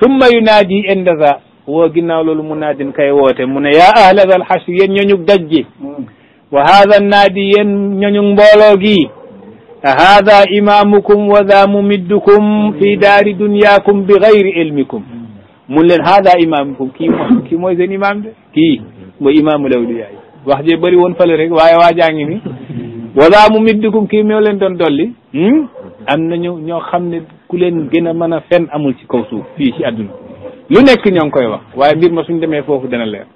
summa yunaadi inda za woo ginnaaw loolu mu naadin kay woote mu ne yaa ahla zal xasri yéen ñooñu dajji wa haada naadi yéen ñooñu mbooloo gi haada imaamukum wa za mumiddukum fi daari dunyaakum bi gayri ilmikum mun leen haada imaamukum kii mooy kii mooy seen imaam de kii mooy imaamu lawliyaa yi wax jee bari woon fële rek waaye waa jaa ngi ni wala mu middukum kii moo leen doon dolli hmm? am na ñëw ñoo xam ne ku leen gën a mën a fen amul ci kaw suuf fii ci àdduna lu nekk ñoo ngi koy wax waaye mbir ma suñ demee foofu dana leer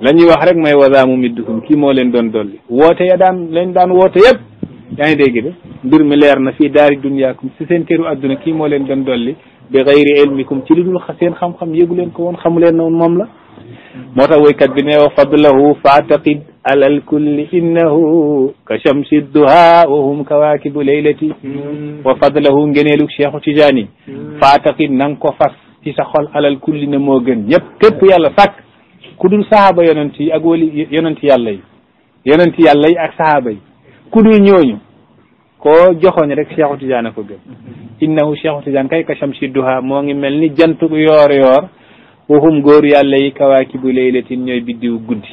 la ñuy wax rek mooy wala mu middukum kii moo leen doon dolli woote ya daan leen daan woote yëpp yaa ngi dégg de mbir mi leer na fii daari duniyaakum si seen këru àdduna kii moo leen doon dolli بغير علمكم تلدوا الخسين خم خم يقولين كون خم لين نون مملة مرة ويكاد بني وفضله فاعتقد على الكل إنه كشمس الدهاء وهم كواكب ليلة وفضله انجني لك شيخ تجاني فاعتقد ننكو فرس تسخل على الكل نموغن يب كب يالا فك كدل صحابة يننتي أقول يننتي يالي يننتي يالي أك صحابي كدل نيونيو koo joxoñ rek Cheikhu Tidiane a ko gëm innahu Cheikhu Tidiane kay ka shamsi duha moo ngi mel ni jant yoor yoor waxum góor yàlla yi kawaakibu laylatin ñooy biddiw guddi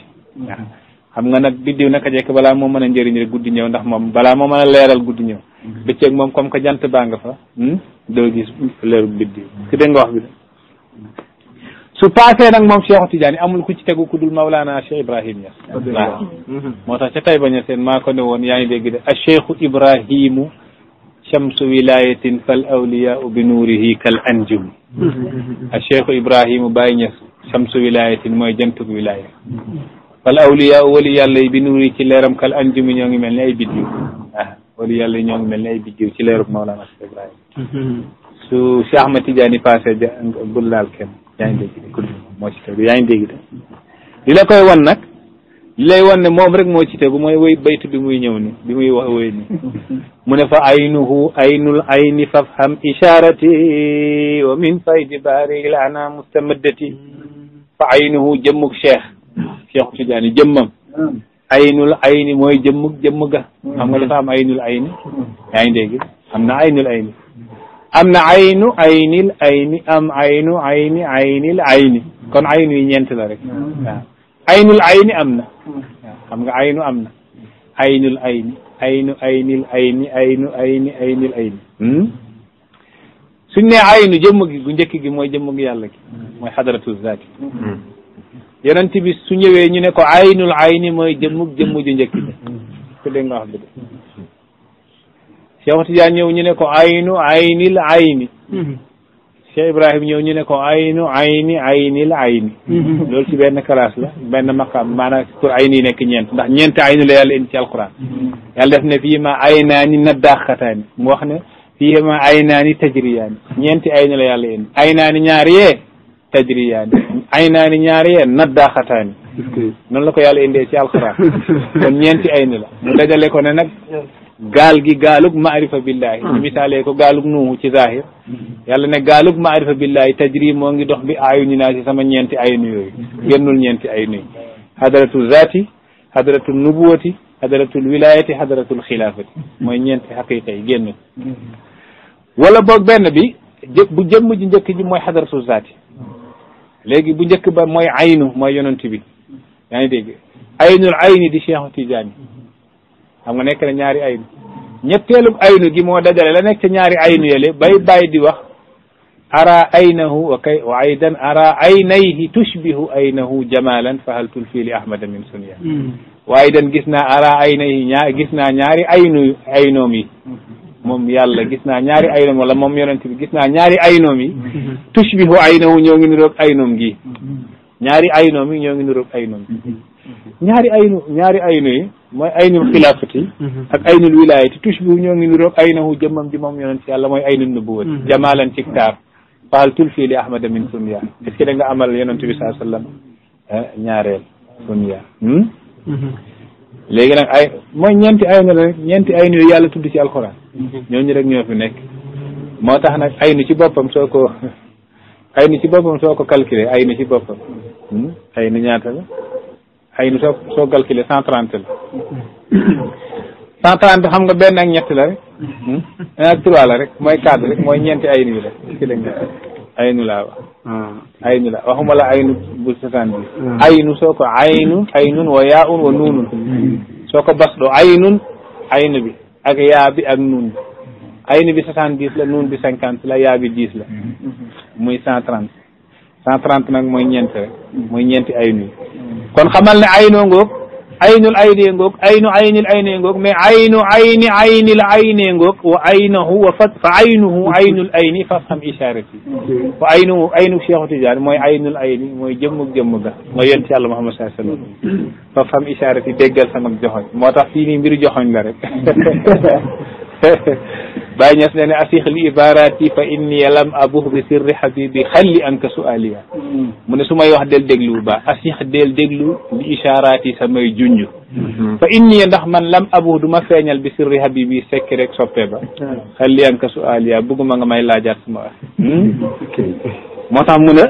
xam nga nag biddiw naka jekk balaa moo mën a njëriñ rek guddi ñëw ndax moom balaa moo mën a leeral guddi ñëw bëccëg moom comme que jant baa nga fa hmm? doo gis leeru biddiw ki dégg wax bi de su paasee nag moom Cheikh tijani amul ku ci tegu ku dul Maulana Cheikh Ibrahim Niass. waaw mm-hmm. moo tax ca Taïba Niassène maa ko ne woon yaa ngi dégg de a Cheikhu Ibrahimu shamsu wilayatin fal awliyau bi nuurihi kal anjum mm-hmm. a Cheikhu Ibrahimu Baye Niass mooy jantug wilaya fal bi ci leeram kal anjumi ñoo ngi mel ni ay biddiw ah, ñoo ngi mel ni ci leerub Maulana Cheikh Ibrahim mm-hmm. su Cheikh Ahmad Tidiane paasee ja bul yaa ngi dégg kulli moo ci tegu yaa ngi dégg de li la koy wan nag li lay wan ne moom rek moo ci tegu mooy woy baytu bi muy ñëw ni bi muy wax woy ni mu ne fa aynuhu aynul ayni fafham isharati wa min faydi baari lana mustamaddati fa aynuhu jëmmug cheikh cheikh Tidiane jëmmam aynul ayni mooy jëmmug jëmm ga xam nga dafa am aynul ayni yaa ngi dégg am na aynul ayni am na aynu aynil ayni am aynu ayni aynil ayni kon aynu yi ñeent la rek waaw aynul ayni am na waaw xam nga aynu am na aynul ayni aynu aynil ayni aynu ayni aynil ayni hmm? suñ ne aynu jëmm gi gu njëkk gi mooy jëmm gi yàlla gi mooy xadratul zaati yonent bi su ñëwee ñu ne ko aynul ayni mooy jëmm jëmm ju njëkk ji ku dégg nga wax bi de Cheikh Tidiane ñëw ñu ne ko aynu aynil ayni mhm. Cheikh Ibrahim ñëw ñu ne ko aynu ayni aynil ayni mhm. loolu ci benn classe la benn maqam maanaam pour ayni nekk ñeent ndax ñeent ayni la yàlla indi ci alquran mhm. yàlla def ne fii ma aynaani naddaaxataani mu wax ne fii ma aynaani tajriyaani ñeenti ayni la yàlla indi aynaani ñaar yee tajriyaani aynaani ñaar yee naddaaxataani noonu la ko yàlla indee ci alquran *laughs* kon ñeenti ayni la mu dajale ko ne nag gaal gi gaalug maarifa billahi ñu hmm. misaalee ko gaalug nuuhu ci zahir hmm. yàlla ne gaalug maarifa billahi tajri moo ngi dox bi ayu ni naa ci sama ñeenti ayu ni yooyu génnul ñeenti ayu ni hadratul zati hadratul nubuwati hadratul wilayati hadratul xilaafati mooy ñeenti xaqiqa yi génnul wala boog benn bi jë bu jëmm ji njëkk ji mooy hadratul zati léegi bu njëkk ba mooy aynu mooy yonent bi yaa ngi dégg aynul ayni di cheikhu tijaani xam nga nekk na ñaari aynu ñetteelum aynu gi moo dajale la nekk ca ñaari aynu yële bay bàyyi di wax ara aynahu wa kay wa aydan ara aynayhi tushbihu aynahu jamalan fa hal tulfi li ahmada min sunya hmm. wa aydan gis naa ara aynayhi ñaa gis naa ñaari aynu aynoom yi moom yàlla gis naa ñaari aynoom wala moom yonent bi gis naa ñaari aynoom yi hmm. tushbihu aynahu ñoo ngi niroog aynoom gi hmm. ñaari aynoom yi ñoo ngi niroog aynoom gi ñaari aynu ñaari aynu yi mooy aynul xilaafati mhm. ak aynul wilaayati touche bi ñoo ngi niroog aynahu jëmmam ji moom yonent yàlla mooy aynul nubuwati mhm. jamaalan ci taar faal tul fii li ahmada min sunya est ce que da nga amal yonent bi saa sallam eh, ñaareel sunya hmm? mhm. léegi nag ay mooy ñeenti aynu la rek ñeenti aynu yi yàlla tudd ci alxuraan ñooñu rek ñoo fi nekk moo tax nag aynu ci boppam soo ko *laughs* aynu ci boppam soo ko calculé aynu ci boppam hmm? aynu ñaata la ay na soo soo calculé cent la cent xam nga benn ak ñett la rek hmm? rek mooy quatre rek mooy ñeenti ay nu la ci lañ la ah. waxuma la aynu bu soixante dix ah. aynu soo ko aynu aynun wa yaa un wa nuunun soo ko bas doo aynun aynu bi ak yaa bi ak nuun bi aynu bi soixante dix la nuun bi cinquante la yaa dix la hmm. muy cent trente nag mooy ñeent rek mooy ñeenti ay yi kon xamal ne aynoo ngoog aynul aynee ngoog aynu aynil aynee ngoog mais aynu ayni aynil aynee ngoog wa aynahu wa fat fa aynuhu aynul ayni fafham isharati wa aynuhu aynu Cheikh Tidiane mooy aynul ayni mooy jëmm jëmm ga mooy yonent yàlla Muhammad sallallahu alayhi wa sallam fafham isharati déggal sama joxoñ moo tax fii nii mbiru joxoñ la rek Baye Niass nee na asix li ibarati fa inni lam abuh bi sirri habibi xalli anka sualiya mu ne su may wax del déglu ba asix del déglu li isharati samay junj fa inni ndax man lam abuh du ma feeñal bi sirri habibi sekki rek soppe ba xalli anka sualiya bëgguma nga may laajaat sama wax moo tax mu ne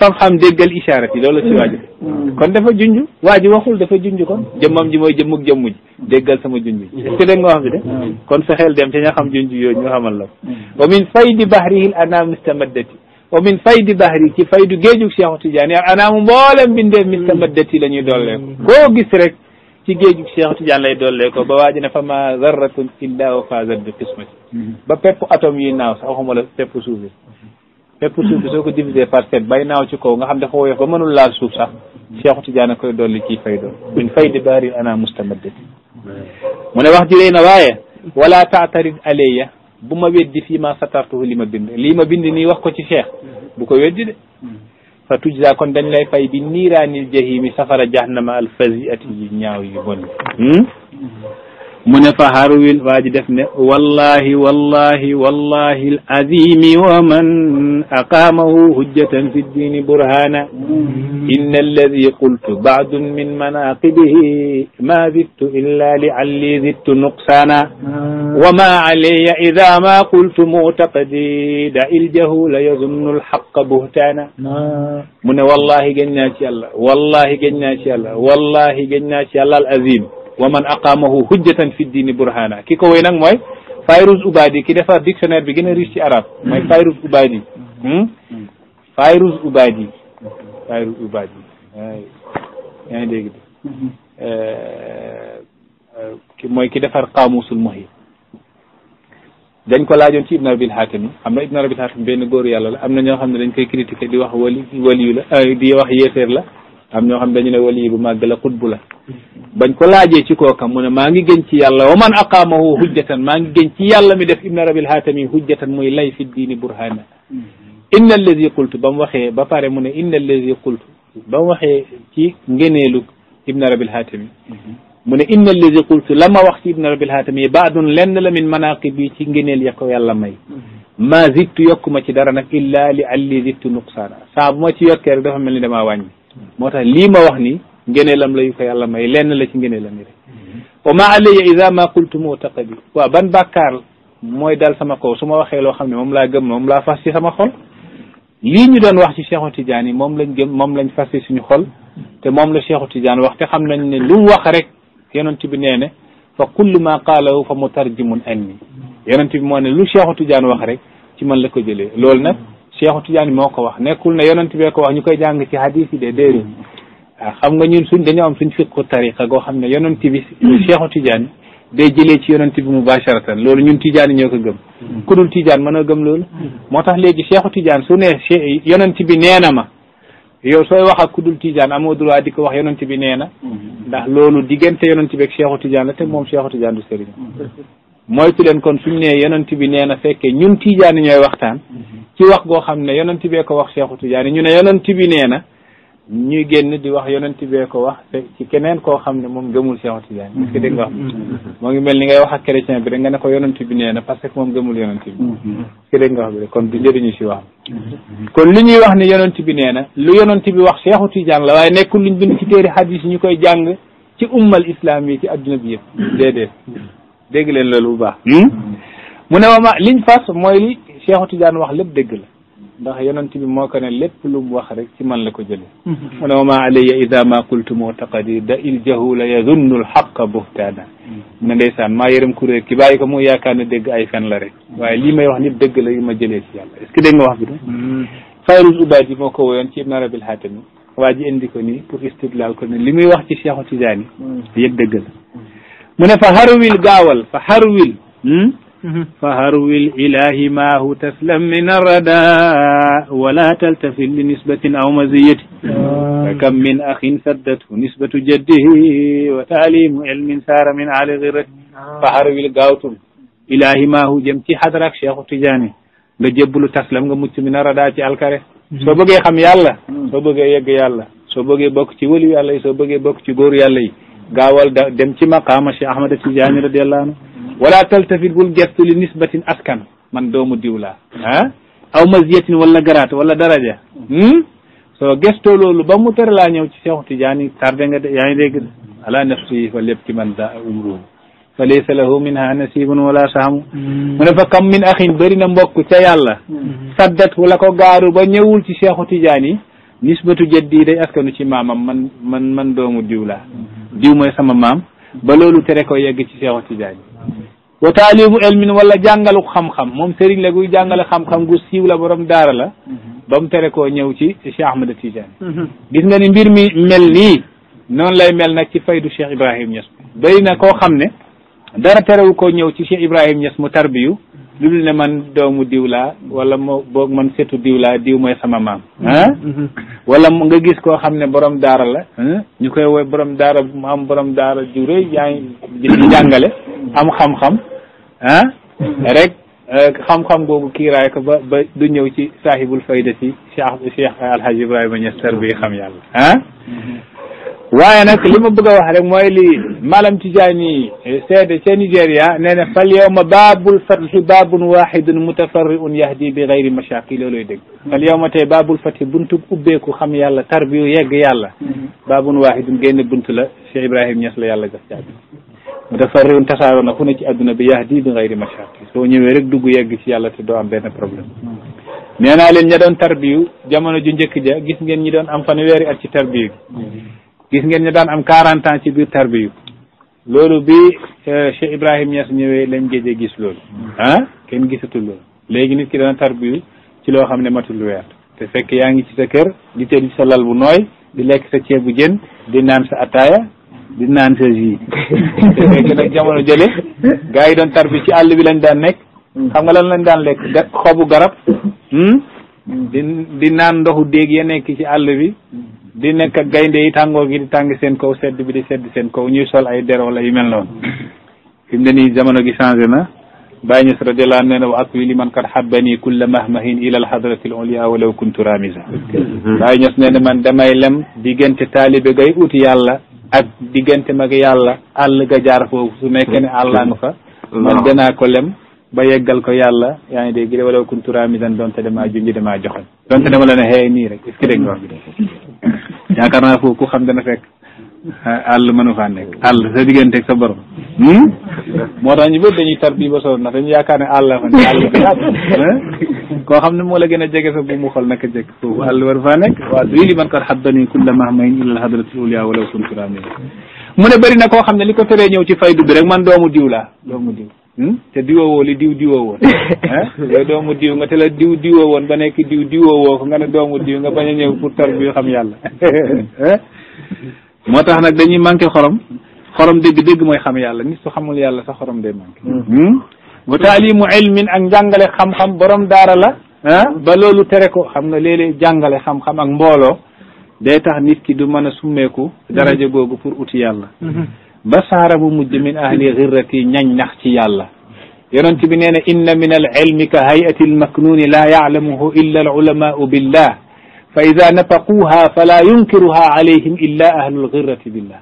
xam-xam déggal isharat yi loolu si waaju mm. kon dafa junj waa ji waxul dafa junj kon jëmmam ji mooy jëmmug jëmm ji déggal sama junj ji mm. est-ce que dégg nga wax bi de mm. kon sa xel dem ca ña xam junj yooyu ñu xamal la ko wa min faydi bahrihil anaam mustamaddati wa min faydi bahri ci faydu géejug Cheikh Tidiane al anaamu mboolem bindee mustamaddati lañuy dool dollee koo gis rek ci géejug Cheikh Tidiane lay dollee ko ba waa ji ne fa ma zarratun illa wa fasat bi ba pepp atome yi naaw sax waxuma la pepp suufi fekk suuf bi soo ko divisé par sept bay naaw ci kaw nga xam dafa woyof ba mënul laal suuf sax Cheikhu Tidiane koy dolli ciy faydo min faydi baari ana mustamaddi mu ne wax ji na waaye wala taatarid alayya bu ma weddi fii ma satartuhu li ma bind lii ma bind nii wax ko ci seex bu ko weddi de fa tujza kon dañ lay fay bi niiraanil mi safara jahannama al faziati yi ñaaw yu bon hmm? منفى فهرول واجد دفنه والله والله والله العظيم ومن أقامه هجة في الدين برهانا إن الذي قلت بعد من مناقبه ما زدت إلا لعلي زدت نقصانا وما علي إذا ما قلت معتقدي دع الجهول يظن الحق بهتانا من والله جناش الله والله جناش الله والله جناش الله العظيم wa man aqaamahu hujjatan fi diini burhana ki ko woy nag mooy Fayruz Ubadi ki defar dictionnaire bi gën a riche ci arabe mooy Fayruz Ubadi hmm? Fayruz Ubadi Fayruz Ubadi yaa ngi dégg eh, eh, mooy ki defar qaamusul muhit dañ ko laajoon ci Ibn Arabil Haatami am na Ibn Arabil Haatami benn góor yàlla la am na ñoo xam ne dañ koy critiquer di wax wali waliyu la di wax yéeféer la am ñoo xam dañu ne wali bu màgg la xutbu la bañ ko laajee ci kooka mu ne maa ngi gën ci yàlla wa man aqaamahu hujjatan maa ngi gën ci yàlla mi def ibn arabil haatami hujjatan muy lay fi diini burhana inna allazi qultu ba mu waxee ba pare mu ne inna allazi ba waxee ci ngeneelu ibn arabil haatami mu ne inna allazi qultu la ma wax ci ibn arabil haatami baadun lenn la min manaqib yi ci ngeneel ya ko yàlla may ma zittu yokkuma ci dara nag illa li alli zittu nuqsaana saa bu ma ci yokkee rek dafa mel ni damaa wàññi moo tax lii ma wax nii ngeneelam la yu ko yàlla may lenn la ci ngeneelam yi rek wa ma alayya ida ma qultumu taqabi waaw ban bàkkaar mooy dal sama kaw su ma waxee loo xam ne moom laa gëm moom laa fas ci sama xol lii ñu doon wax ci Cheikhu Tidiane yi moom lañ gëm moom lañ fas ci suñu xol te moom la Cheikhu Tidiane wax te xam nañ ne lu mu wax rek yonent bi nee ne fa kullu ma qaalahu fa mutarjimun yeneen yonent bi moo ne lu Cheikhu Tidiane wax rek ci man la ko jëlee loolu nag Cheikhu Tidiane moo ko wax nekkul na yonent bee ko wax ñu koy jàng ci hadis yi de déedéet ah, xam nga ñun suñ dañoo am suñ fiqu tariqa goo xam ne yonent bi Cheikhu Tidiane day jëlee ci yonent bi mubasharatan loolu ñun Tidiane ñoo ko gëm ku dul Tidiane mën a gëm loolu moo tax léegi seexu Tidiane su ne yonent bi nee na ma yow sooy wax ak ku dul Tidiane du droit di ko wax yonent bi nee na ndax loolu diggante yonent bi ak Cheikhu Tidiane la te moom Cheikhu Tidiane du sëriñ moytu leen kon suñu nee yonent bi nee na fekkee ñun tijaani ñooy waxtaan ci wax goo xam ne yonent bee ko wax seexu tijaani ñu ne yonent bi nee na ñuy génn di wax yonent bee ko wax te ci keneen koo xam ne moom gëmul seexu tijaani parce que wax mm-hmm. moo ngi mel ni ngay wax ak chrétien bi rek nga ne ko yonent bi nee na parce que moom gëmul yonent bi parce mm-hmm. que dégg nga wax kon si wax kon li ñuy wax ne yonent bi nee na lu yonent bi wax seexu tijaan la waaye nekkul luñ bind ci téeri hadis ñu koy jàng ci ummal islam yi ci adduna bi yëpp mm-hmm. déedéet dégg leen loolu bu baax hmm? mu ne wama liñ fas mooy li Cheikhu Tidiane wax lépp dëgg la ndax yonent bi moo ko ne lépp lu mu wax rek ci man la ko jële hmm. mu ne wama alayya ida ma qultum taqadi da il jahula yazunnu alxaqa buhtana mu hmm. ne ndeysaan maa yërëm kuréel ki bàyyi ko mu yaakaar ne dégg ay fen la rek waaye lii may wax lépp dégg la yu ma jëlee ci yàlla est-ce que dégg nga wax bi da fayrul ubaad moo ko woyoon ci ibn arabil haatami waa ji indi ko nii li muy wax ci Cheikhu Tidiane yëpp dégg mu ne fa harwil gaawal fa harwil hmm? mhm. fa harwil ilahi maahu taslam min arrada wala taltafil li nisbatin aw maziyati fa kam min axin saddathu nisbatu jaddihi wa taalimu ilmin saara min aali xirati fa harwil gaawtul ilahi maahu jëm ci xadarak cheikhu tijaani nga jébbalu taslam nga mucc min arrada ci alkare mhm. soo bëggee xam yàlla mhm. soo bëggee yegg yàlla soo bëggee bokk ci wëliyu yàlla yi soo bëggee bokk ci góor yàlla yi gaawal da dem ci maqaama Cheikh Ahmad Tijaani radiyallahu anhu wala taltafit bul gestu li nisbatin askan man doomu diwlaa ah aw maziyatin wala garaat wala daraja hmm? soo gestoo loolu ba mu tere laa ñëw ci Cheikh Tijaani tardé nga de yaa ngi dégg ala nafsi fa lépp ci man da umruhu fa laysa lahu minha nasibun wala sahmu mu ne fa kam min axin bëri na mbokk ca yàlla saddat wala ko gaaru ba ñëwul ci Cheikh Tijaani nisbatu jaddi day askanu ci maamam man man man doomu diwlaa diw mooy sama maam ba loolu tere ko yegg ci Seexu Tijaani wa taalimu elmin wala jàngalu xam-xam moom sëriñ la guy jàngale xam-xam gu siiw la borom daara la ba mu tere ko ñëw ci Cheikh Ahmada Tijaani gis nga ni mbir mi mel nii noonu lay mel nag ci faydu Cheikh Ibrahim Niass bëri na koo xam ne dara terewu koo ñëw ci Cheikh Ibrahim Niass mu tarbiyu lu dul ne man doomu diw laa wala moo boog man setu diw laa diw mooy sama maam ah mu nga gis koo xam ne borom daara la ñu koy woy borom daara mu am borom daara ju rëy yaa ngi jàngale am xam-xam ah rek euh, xam-xam googu kiiraay ko ba ba du ñëw ci saahibul fayda si cheikh cheikh alhaji ibrahima ñes tar bi xam yàlla ah waaye nag li ma bëgg a wax rek mooy li Malam Tijaani eh, seede ca Nigéria nee na fal yawma baabul fathi baabun waahidun mutafarriun yahdi bi gayri mashaqi looloy dégg fal yawma tey baabul fathi buntub ubbeku xam yàlla tarbiyu yegg yàlla baabun waahidun génn buntu la Cheikh Ibrahim Ñas la yàlla gas caabi mutafarriun tasaaroo na fu ci adduna bi yahdi bi gayri mashaqi soo ñëwee rek dugg yegg ci yàlla te doo am benn a nee naa leen ña doon tarbiyu jamono ju njëkk ja gis ngeen ñi doon am fanweeri at ci tarbiyu gis ngeen ñu daan am quarante ans ci biir tarbiyu loolu bi euh, Cheikh Ibrahim Niass ñëwee lañ géejee gis loolu ah kenn gisatul loolu léegi nit ki dana tarbiyu ci loo xam ne matul weer te fekk yaa ngi ci sa kër di tëdd sa lal bu nooy di lekk sa ceebu jën di naan sa ataaya di naan sa jus te fekk nag jamono jële gars yi doon tarbi ci àll bi lañ daan nekk xam nga lan lañ daan lekk xobu garab hmm? di di naan ndoxu dégg ya nekk ci àll bi di nekk gaynde yi tàngoor gi di tàng seen kaw sedd bi di sedd seen kaw ñuy sol ay der wala yu mel noonu fi mu ne nii jamono gi changé na Baye Niass radiyallahu anhu nee na wa ak wi li man kat xabbani kulla mahmahin ila alxadrati alulia walaw kuntu ramisa Baye Niass nee na man damay lem diggante taalibe gay uti yàlla ak diggante mag yàlla àll ga jaar foofu su nekkee ne àllaa nga fa man danaa ko lem ba yeggal ko yàlla yaa ngi dégg walaw kuntu ramisan doon te damaa junj damaa joxe donte dama la ne xëy nii rek est-ce que dégg nga wax bi yaakaar naa foofu ku xam dana fekk ah, àll mënu faa nekk àll sa digganteeg sa borom. Hmm? moo tax ñu bëri dañuy tar bii ba sonn na dañu yaakaar ne àll la fa ne àll fa koo xam ne moo la gën a jege sa bu mu xool naka jekk foofu àll war faa nekk waaw duy li man kat xaddani kulla mahmayin illa hadratul ulia walaw kuntu ramin mu ne bëri na koo xam ne li ko teree ñëw ci faydu bi rek man doomu diw laa doomu diw Hmm? te diwoowoo li diw diwoo woon *laughs* yow doomu diw nga te la diw diwoo woon ba nekk diw diwoo woo ko nga ne doomu diw nga bañ a ñëw pour tar bi xam yàlla *laughs* moo tax nag dañuy manqué xorom xorom dëgg-dëgg mooy xam yàlla nit su xamul yàlla sa xorom day manqué bu hmm. hmm? taalimu ilmin ak njàngale xam-xam borom daara la ba loolu tere ko xam nga léeg-léeg jàngale xam-xam ak mbooloo day tax nit ki du mën a summeeku daraja googu pour uti yàlla ba saara bu mujj min ahli xirrati ñañ nax ci yàlla yonent bi nee na inna min al ilmi ka hayati al maknuni la yaalamuhu illa al ulamau billah fa ida nafaquha fala yunkiruha alayhim illa ahlul xirrati billah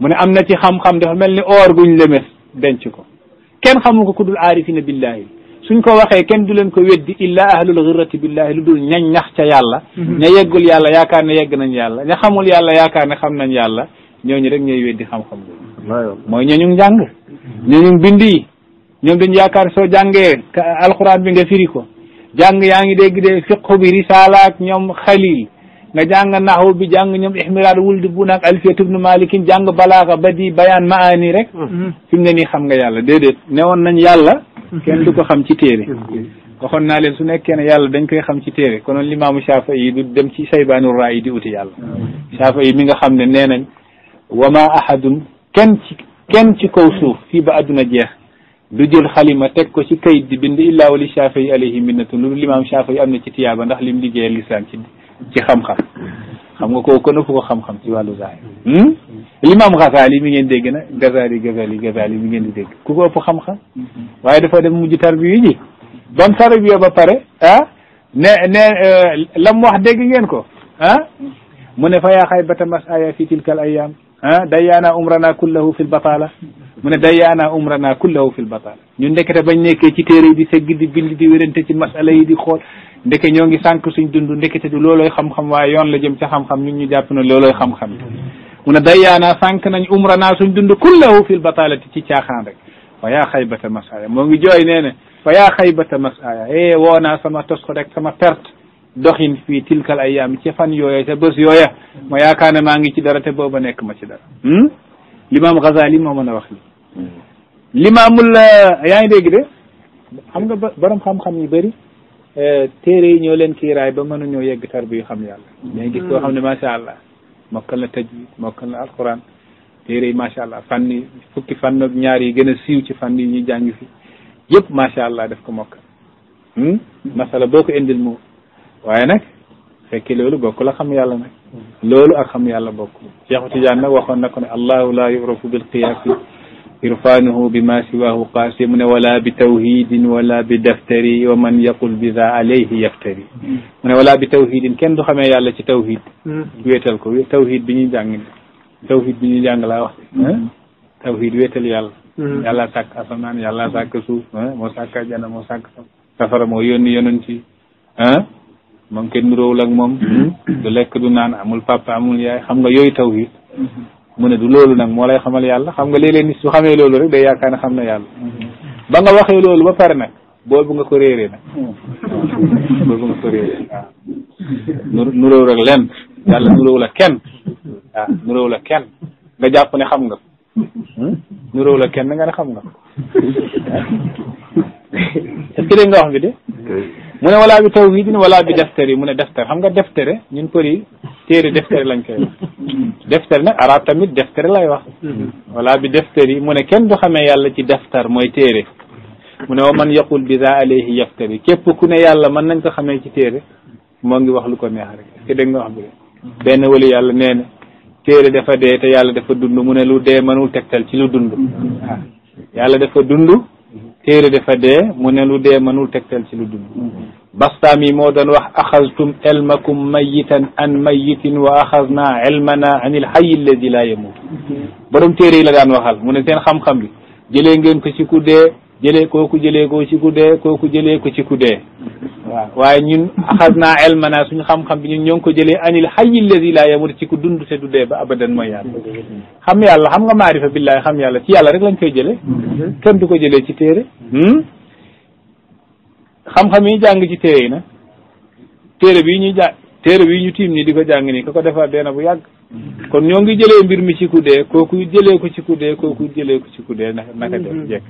mu ne am na ci xam-xam dafa mel ni or guñ lëmes denc ko kenn xamu ko ku dul aarifina billahi suñ ko waxee kenn du leen ko weddi illa ahlul xirrati billahi lu dul ñañ ñax ca yàlla mm-hmm. ña yeggul yàlla yaakaar ne yegg nañ yàlla ña xamul yàlla yaakaar ne xam nañ yàlla ñooñu rek ñooy weddi xam-xam mooy ñooñu njàng ñooñu bind yi ñoom dañu yaakaar soo jàngee alxuraan bi nga firi ko jàng yaa ngi dégg de fiqhu bi risaalaak ñoom xalil nga jàng naxu bi jàng ñoom ihmiraad wuldi bu nag alfiyat ibnu malikin jàng balaaga ba di bayaan maani rek mm-hmm. fi mu ne nii xam nga yàlla déedéet newoon nañ yàlla kenn du ko xam ci téere waxoon naa leen su nekkee ne yàlla dañ koy xam ci téere konoon limaamu Shaafi'i yi du dem ci saybaanul raay yi di uti yàlla yi mm-hmm. mi nga xam ne nee nañ وما أحد كن كوسو في بعد نجاة دجي الخليمة تكو شي كيد بند إلا ولي شافي عليه منة لولو الإمام شافي أمنا شي تيابا نخ لم دي جي اللسان شي شي خم خم خم كو كو خم خم والو زاي الإمام غزالي مين ين ديگنا غزالي غزالي غزالي مين ين ديگ كو كو خم خم واي دفا دم مجي تربيو يجي دون تربيو ها ن ن آه، لم واحد ديگ ينكو ها من فيا خيبة آية مسايا في تلك الأيام ah dayyaana umrana kullahu fil batala mu ne dayyaana umrana kullahu fil batala ñu ndekete bañ nekkee ci téere yi di segg di bind di wérante ci masala yi di xool ndeke ñoo ngi sànq suñ dund ndekete di loolooy xam-xam waaye yoon la jëm ca xam-xam ñun ñu jàpp ne loolooy xam-xam mu ne dayyaana sànq nañ umrana suñ dund kullahu batala ti ci caaxaan rek fa yaa xaybata masaya moo ngi jooy nee ne fa yaa xaybata masaya eh woo naa sama tos ko rek sama perte doxin fii tilkal ayaam ca fan yooya ca bés yooya ma yaakaar ne maa ngi ci dara te booba nekk ma ci dara hmm? limaam Ghazali moo mën a wax li hmm. limaamul eh, yaa ngi dégg de xam nga borom xam-xam yi bëri eh, téere yi ñoo leen kiiraay ba mënuñoo yegg tar bi yu xam yàlla mais hmm. gis koo xam ne macha allah mokkal na tajwid mokkal na alquran téere yi macha allah fànn yi fukki fan ak ñaar yi gën a siiw ci fànn yi ñuy jàng fi yëpp macha allah def ko mokkal masala boo ko indil mu waaye nag fekkee loolu bokkul ak xam yàlla nag loolu ak xam yàlla bokkul cheikh Tidiane nag waxoon na ko ne allahu la yurafu bil qiyaasi irfanuhu bi ma siwahu qaasi mu ne wala bi tawhidin wala bi daftari wa man yaqul bi za alayhi yaftari mu ne wala bi tawhidin kenn du xamee yàlla ci tawhid wéetal ko tawhid bi ñuy jàng tawhid bi ñuy jàng laa wax tawhid wéetal yàlla yàlla sàkk asamaan yàlla sàkk suuf moo sàkk ajana moo sàkk safara moo yónni yonon ci ah moom kenn niroowul ak moom hmm? du lekk du naan amul papa amul yaay xam nga yooyu taw yi hmm. mu ne du loolu nag moo lay xamal yàlla xam nga léeg-léeg nit su xamee loolu rek day yaakaar ne xam na yàlla hmm. ba nga waxee loolu ba pare nag boobu nga ko réeree nag boobu nga ko réeree waaw nu nuróow lenn yàlla nuróow la kenn waaw nuróow la kenn nga jàpp ne xam nga nuróow la kenn nga ne xam nga *laughs* est-ce nga wax bi de mu ne wala bi tawhidin wala bi defteri mu ne deftere xam nga deftere ñun për yi téere deftere lañ koy wax deftere nag arab tamit deftere lay wax wala bi yi mu ne kenn du xamee yàlla ci deftar mooy téere mu ne wa man yaqul bi za alayhi yaftari képp ku ne yàlla mën nañ ko xamee ci téere moo ngi wax lu ko neex rek est-ce dégg nga wax bi benn wali yàlla nee téere dafa dee te yàlla dafa dund mu ne lu dee mënul tegtal ci lu dund waaw téere dafa dee mu ne lu dee mënul tegtal ci lu dund bastaami moo doon wax axastum elmakum mayitan an mayitin wa axasna elmana an il xayi alladi la yamut borom téere yi la daan waxal mu ne seen xam-xam bi jëlee ngeen ko ci ku dee jëlee kooku jëlee ko ci ku dee kooku jëlee ko ci ku dee waaw waaye ñun axas naa elmana suñu xam-xam bi ñun ñoo ngi ko jëlee anil hayyi allazi laa yamut ci ku dund te du dee ba abadan mooy yàlla xam yàlla xam nga maarifa billahi xam yàlla ci yàlla rek lañ koy jëlee kenn du ko jëlee ci téere hmm? xam-xam yi jàng ci téere yi nag téere bi ñuy jàng téere bi ñu tiim nii di ko jàng ni ka ko defa dee na bu yàgg kon ñoo ngi jëlee mbir mi ci ku dee kooku jëlee ko ci ku dee kooku jëlee ko ci ku dee naka naka mhm. def jekk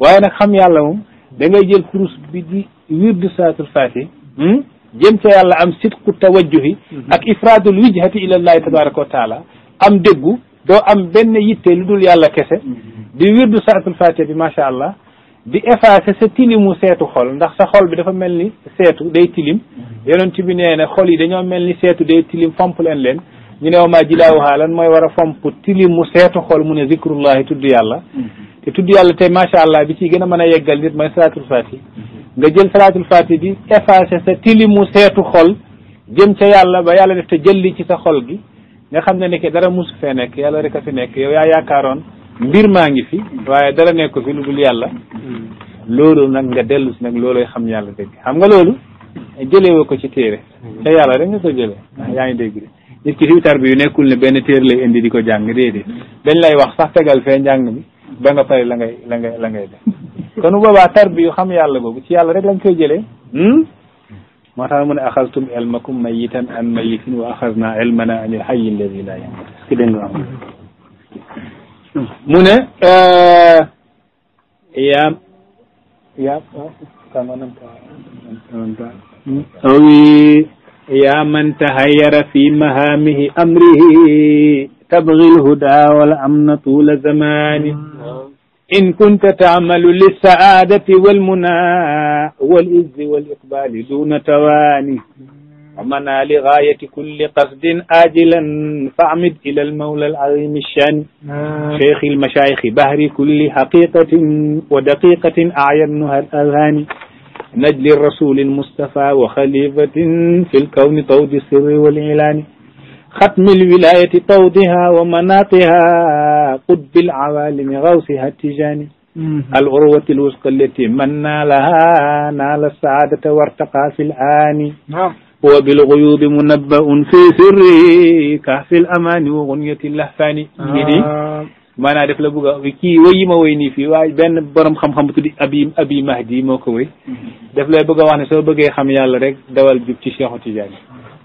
waaye nag xam yàlla moom da ngay jël kurus bi di wirdu saatul faati hmm, jëm ca yàlla am sidqu tawajjuhi mhm. ak ifradul wijhati ilallahi tabaraka wa taala am déggu doo am benn yitte lu dul yàlla kese mhm. di wirdu saatul faati bi macha allah di effacer sa tilimu seetu xol ndax sa xol bi dafa mel ni seetu day tilim yonent bi nee na xol yi dañoo mel ni seetu day tilim fomp leen leen ñu ne wa maa jilaawu lan mooy war a fomp tilim mu seetu xol mu ne zikrullahi tudd yàlla mm-hmm. te tudd yàlla tey macha allah bi ci gën a mën a yeggal nit mooy salaatul fati mm-hmm. nga jël salaatul fati bi effacé sa tilim mu seetu xol jëm ca yàlla ba yàlla def te jël jëlli ci sa xol gi nga xam ne nekk dara musu fee nekk yàlla rek a fi nekk yow yaa yaakaaroon mbir maa ngi fi waaye dara nekk fi lu dul yàlla mm-hmm. loolu nag nga dellu si nag looloy xam yàlla dégg xam nga loolu jëlewo ko ci téere yàlla rek nga ko jëlee yaa ngi dégg nit ki fi tarbiyu nekkul ne benn téere lay indi di ko jàng déedéet dañ lay wax sax tegal fee njàng mi ba nga pare la ngay la nga la ngay def *laughs* kon boobaa tarbiyu xam yàlla boobu ci yàlla rek lañ koy jëlee hmm? moo tax mu ne axastum elmakum mayitan an mayitin wa axasna elmana anil hayyi alladi la yamut ki dégg nga am mu ne euh, yaam يا من تهير في مهامه أمره تبغي الهدى والأمن طول زمان إن كنت تعمل للسعادة والمنى والإز والإقبال دون تواني ومنى لغاية كل قصد آجلا فأعمد إلى المولى العظيم الشان نعم. شيخ المشايخ بهر كل حقيقة ودقيقة أعينها الأغاني نجل الرسول المصطفى وخليفة في الكون طود السر والإعلان ختم الولاية طودها ومناطها قطب العوالم غوصها التجاني العروة الوثقى التي من نالها نال السعادة وارتقى في الآن نعم. وبالغيوب منبأ في سره كهف الأمان وغنية اللهفان آه. maanaa def la bëgg a kii woy yi ma woy nii fii waaye benn borom xam-xam bu tudd abi abi mahdi moo ko woy mm-hmm. daf lay bëgg wax ne soo bëggee xam yàlla rek dawal jub ci Cheikhu Tidiane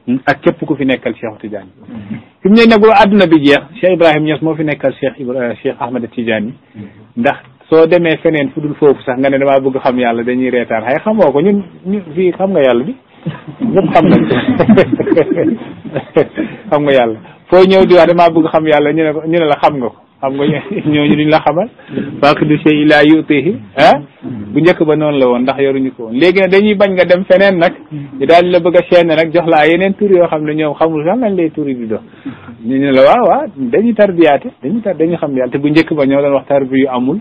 mm, ak képp ku fi nekkal Cheikhu Tidiane mm-hmm. fi mu ne nag àdduna bi jeex Cheikh Ibrahim Niass moo fi nekkal Cheikh Ibra Cheikh Ahmed Tidiane mm-hmm. ndax soo demee feneen fu dul foofu sax nga ne damaa bëgg xam yàlla dañuy reetaan xay xamoo ko ñun ñun fii xam nga yàlla bi *laughs* ñëpp xam nañ *laughs* yàlla foo ñëw di wax damaa bëgg xam yàlla ñu ne ko ñu ne la xam nga ko xam nga *laughs* ñooñu duñ la xamal waq du chey ilaa yutihi ah bu njëkk ba noonu la woon ndax yoruñu ko woon léegi nag dañuy bañ nga dem feneen nag ñu la bëgg a chaîne nag jox laa yeneen tur yoo xam ne ñoom xamul sax lañ lay turi di dox ñu ne la waaw waaw dañuy tarbiyaate dañuy tar dañuy xam yàlla te bu njëkk ba ñoo doon wax tarbiyu amul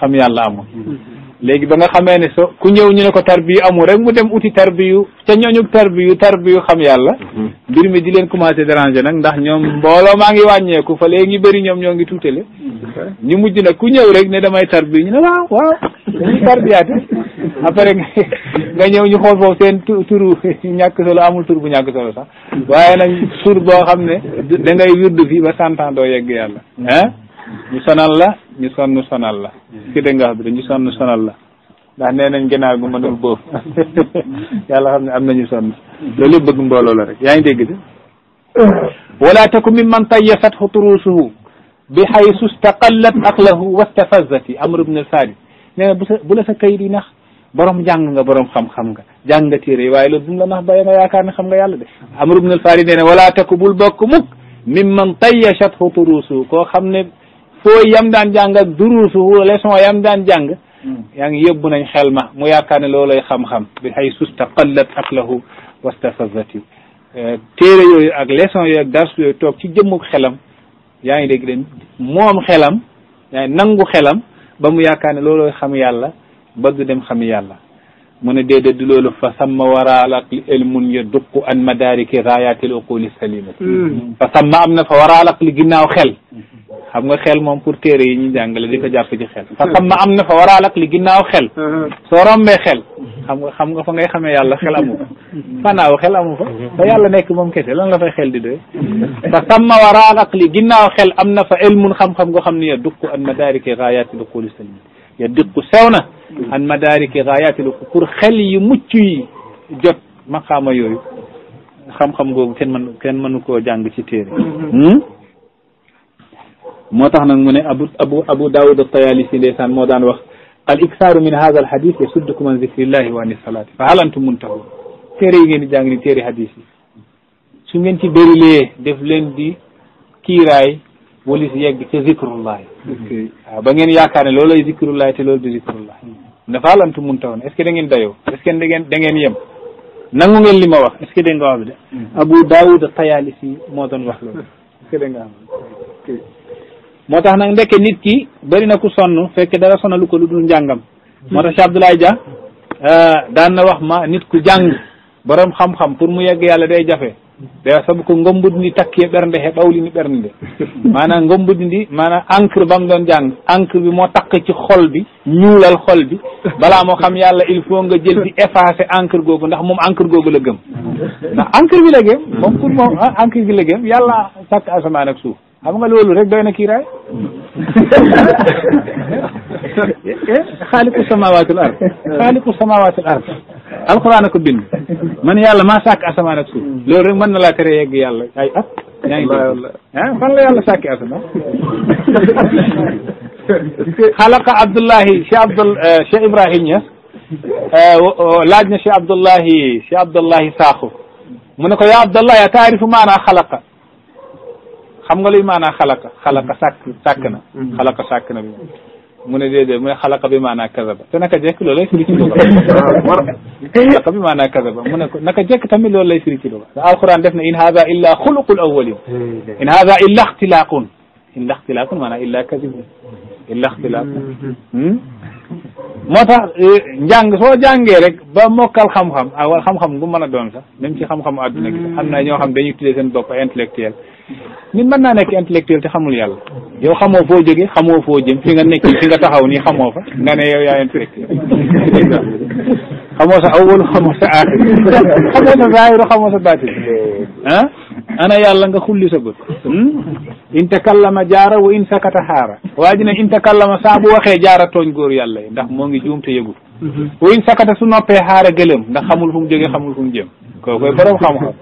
xam yàlla amul léegi ba nga xamee ne so ku ñëw ñu ne ko tarbiyu amul rek mu dem uti tarbiyu ca ñooñu tarbiyu tarbiyu xam yàlla mm-hmm. mbir mi di leen commencé déranger nag ndax ñoom mbooloo maa ngi wàññeeku fa léegi bëri ñoom ñoo ngi tuutale mm-hmm. ñu mujj nag ku ñëw rek ne damay tarbiyu ñu ne waaw waaw dañuy tarbiyaate après nga ñëw ñu xool foofu seen turu ñàkk solo amul tur bu ñàkk solo sax waaye nag tur boo xam ne da ngay wirdu fi ba santan doo yegg yàlla ah ñu la ñu sonn sonal la ci mm-hmm. déngax bi dañu sonn sonal la ndax nee nañ ginaar gu mënul boof mm-hmm. *laughs* yàlla xam ne am nañu sonn loolu yëpp bëgg mbooloo la rek yaa ngi dégg de *coughs* wala taku min man tayyafat xuturusuhu bi xaysu staqallat aqlahu wastafazati amr ibn saadi nee na bu sa bu la sa kayit yi nax borom jàng nga borom xam-xam nga jàng nga téere yi waaye loolu bu mu la nax ba ma yaakaar ne xam nga yàlla de amr ibn saadi nee na wala taku bul bokk mukk min man tayyashat xuturusuhu koo xam ne foo yam daan jàng ak duruusuhu leçon yam daan jàng hmm. yaa ngi yóbbu nañ xel ma mu yaakaar ne loolay xam-xam bi xay susta qallat aqlahu wastafazat yu eh, téere yooyu ak leson yooyu ak dars yooyu toog ci jëmmug xelam yaa ngi dégg de moom xelam yaa nangu xelam ba mu yaakaar ne loolooy xam yàlla bëgg dem xam yàlla mu ne déedéet du loolu fa samma waral aqli ilmun ya duq an madariki rayatil uquli salimati fa samma am na fa waral aqli ginnaaw xel xam nga xel moom pour téere yi ñu jàngale di ko jàpp ci xel fa samma am na fa waral aqli ginnaaw xel soo rombee xel xam nga xam nga fa ngay xamee yàlla xel amu fa fanaaw xel amu fa te yàlla nekk moom kese lan la fay xel di doy fa samma waral aqli ginnaaw xel am na fa ilmun xam-xam nga xam ni ya duq an madariki rayatil uquli salimati ya diqu sew na an madariki gaayatil pour xel yi mucc yi jot maqaama yooyu xam-xam googu kenn mën kenn mënu koo jàng ci téere hmm? moo tax nag mu ne abu abu abu daawud at-tayaalisi ndeysaan moo daan wax al iksaaru min haadha al hadis yasuddukum an zikrillahi wa an salaati fa hal antum muntahun téere yi ngeen di jàng ni téere hadis yi su ngeen ci bërilee def leen di kiiraay walis yegg ca zikrullahi ba ngeen yaakaar ne loolay zikrullahi te loolu du zikrullahi da ngeen da ngeen da ngeen yem nangu ngeen li ma wax est ce que dégg nga wax bi de mm-hmm. Abu Daawud Tayaalisi moo doon wax loolu est ce moo tax nag ndekke nit ki bëri na ku sonn fekk dara sonalu ko lu dul njàngam moo tax Cheikh Abdoulaye Dia euh, daan na wax ma nit ku jàng borom xam-xam pour mu yegg yàlla day jafe ɓeya saabu ko gombudi ndi takki e ɓernde he ɓawlini ɓernde nde *laughs* mana gombudi ndi mana encre bam ɗon jangga encre bi moo takka ci xol bi ñuulal xol bi bala moo xam yàlla il faut nga jël di effacé encre googu ndax moom encre googu la gëm ndax encre bi la gëm moom pour moom ah, encre bi la yàlla sàkk asamaan ak suuf xam nga loolu rek doy na kiiraay *laughs* eh, eh, eh, xaaliqu samawatil ard *laughs* xaaliqu samawatil ard alxuraan a ko bind man yàlla maa sàkk asamaan ak suuf loolu rek mën na laa tere yegg yàlla ay at yaa ngi ah fan la yàlla sàkki asamaan *laughs* xalaqa abdullahi cheikh abdul eh, cheikh ibrahim Niass eh, laaj na cheikh abdullahi cheikh abdullahi saaxu mu ne ko yaa abdullahi a taarifu maanaa xalaqa xam nga luy maanaa xalaqa xalaqa sàkk sàkk na mm-hmm. xalaqa sàkk na bi mu ne déedéet mu ne xalaqa bi maanaa kasaba te naka jekk loolu lay firi ci luga xalaqa bi maanaa kasaba mu ne ko naka jekk tamit loolu lay firi ci luga alquran def na in hada illa xuluqul awwalin in hada illa ixtilaaqun illa ixtilaaqun maanaa illa kadibun ilaxtilaaf mm-hmm. hmm? moo tax eh, njàng soo jàngee rek ba mokkal xam-xam ak ah, xam-xam bu mën a doon sax même ci xam-xamu àdduna gi am na ñoo xam dañuy tuddee seen bopp ay intellectuel nit mën naa nekk intellectuel te xamul yàlla yow xamoo foo jógee xamoo foo jëm fi nga nekk fi nga taxaw nii xamoo fa nga ne yow yaa intellectuel xamoo sa awalu xamoo sa aaxir xamoo sa zaahiru xamoo sa baatin eh. ah ana yàlla nga xulli sa bët hmm? in takallama jaara wa in sakata xaara waa ji ne in takallama saa bu waxee jaara tooñ góor yàlla yi ndax moo ngi juum te yëgul mhm. wa in su noppee xaara gëlëm ndax xamul fu mu jógee xamul fu mu jëm kookoy borom xam-xam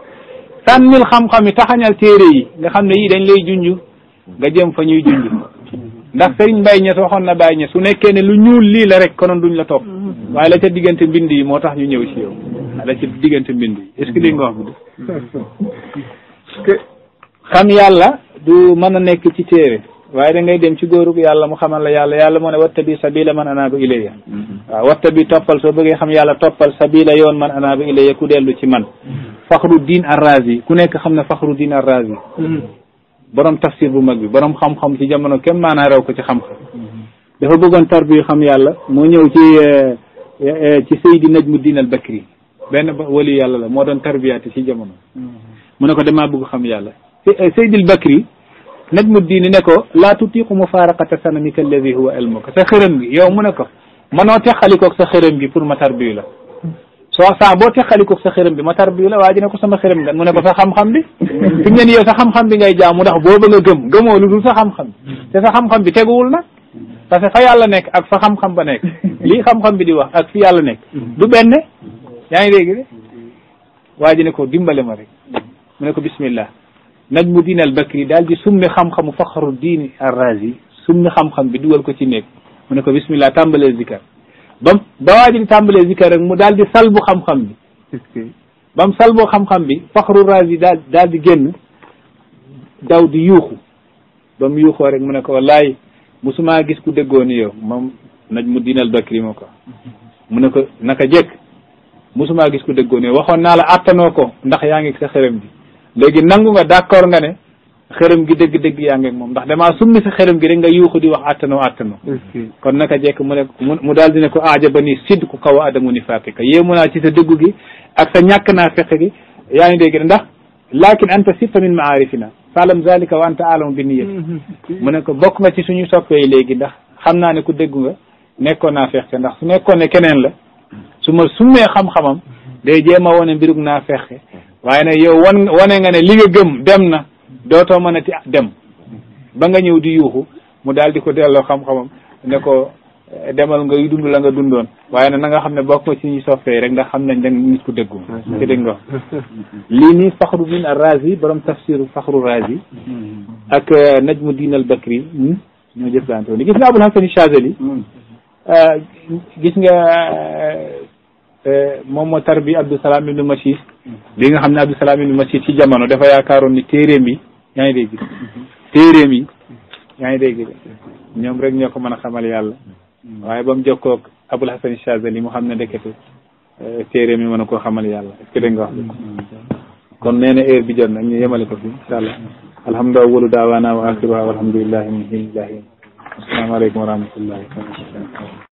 sànnil xam-xam yi taxañal téere yi nga xam ne yii dañ lay junj nga jëm fa ñuy junj ndax sëriñ Mbaye Niass waxoon na Baye Niass su nekkee ne lu ñuul lii la rek konoon duñ la topp mhm. waaye la ca diggante mbind yi moo tax ñu ñëw ci yow la ca diggante yi est-ce *laughs* xam yàlla du mën na nekk ci téere waaye da ngay dem ci góorug yàlla mu xamal la yàlla yàlla moo ne wattabi sabila man anaabu ilayya mm-hmm. waaw bi toppal soo bëggee xam yàlla toppal sabila yoon man anaabu ilayya ku dellu ci man mm-hmm. faxru diin arrazi ku nekk xam ne faxru diin arrazi mm-hmm. borom tafsir bu mag bi borom xam-xam ci jamono kenn maanaa raw ko ci xam dafa bëggoon tarbiyu xam yàlla moo ñëw ci eh, eh, ci Seydi Najmu Diin al Bakri benn wali yàlla la moo doon tarbiyaati ci jamono mu ne ko damaa bëgg xam yàlla eh, Seydil Bakri najmu diini ne ko laa tutiiqu mufaaraqata sanamika alladi huwa ilmuka sa xërëm gi yow mu ne ko mënoo teqalikoog sa xërëm gi pour ma tarbiyu la soo saa boo teqalikoog sa xërëm bi ma tarbiyu la waa ji ne ko sama xërëm gan mu ne ko sa xam-xam bi *laughs* fi mu ne yow sa xam-xam bi ngay jaamu ndax boo bëgg a gëm gëmoo lu dul sa xam-xam mm. te sa xam-xam bi teguwul na parce que fa yàlla nekk ak fa xam-xam ba nekk *laughs* lii xam bi di wax ak yàlla nekk mm. du yaa ngi dégg waa ji ne ko ma rek mu ne ko bismillah najmu diin al bakri daal di summi xam-xamu faxaru diini arrazi summi xam-xam bi dugal ko ci néeg mu ne ko bismillah tàmbalee zikar ba ba waa ji di tàmbalee zikar rek mu daal di salbu xam-xam bi ba mu salboo xam-xam bi faxaru razi daal daal di génn daw di yuuxu ba mu yuuxoo rek mu ne ko wallaay musumaa gis ku déggoo ni yow moom najmu diin al moo ko mu ne ko naka jekk musumaa gis ku déggoo ni waxoon naa la attanoo ko ndax yaa ngi sa bi léegi nangu nga d'accord nga ne xërëm gi dëgg-dëgg yaa ngi moom ndax damaa summi sa xërëm gi rek nga yuuxu di wax àttanoo àttanoo kon naka jekk mu ne mu daal di ne ko aajaba ni sidd ku kaw a adamu ni faqiqa yéemu naa ci sa dëggu gi ak sa ñàkk naa feq gi yaa ngi dégg ndax lakin anta sitta min maarifina faalam zalika wa anta alamu bi niyati mhm. mu ne ko bokk nga ci suñu soppee léegi ndax xam naa ne ku dëggu nga nekkoon naa feq ndax su nekkoon ne keneen la su ma summee xam-xamam day jéem a wone mbirug naa feqe waaye nag yow wan wane nga ne li nga gëm dem na dootoo mën a ti dem ba nga ñëw di yuuxu mu daal di ko delloo xam-xamam ne ko eh, demal nga dund la nga dundoon waaye nag na nga xam ne bokk nga ci ñi soppee rek ndax xam nañ da nit ku dëggu ci dégg nga lii nii faxru min ar razi borom tafsiru faxru razi ak eh, najmu diin al bakri hmm, ñoo jëflante woon gis nga abul hasan chazeli eh, gis nga moom moo tarbi abdou salam ma machis bi nga xam ne Abdusalaam ibn Masih ci jamono dafa yaakaaroon ni téeréem yi yaa ngi dégg téeréem yi yaa ngi dégg ñoom rek ñoo ko mën a xamal yàlla waaye ba mu jokkoog Abul Hasan Chazali mu xam ne ndekete euh, téeréem yi mën a koo xamal yàlla est-ce que kon nee na heure bi jot na ñu yemale ko fi incha allah alhamdu awwalu daawaana wa axiruha walhamdulillahi min asalaamaaleykum wa rahmatullahi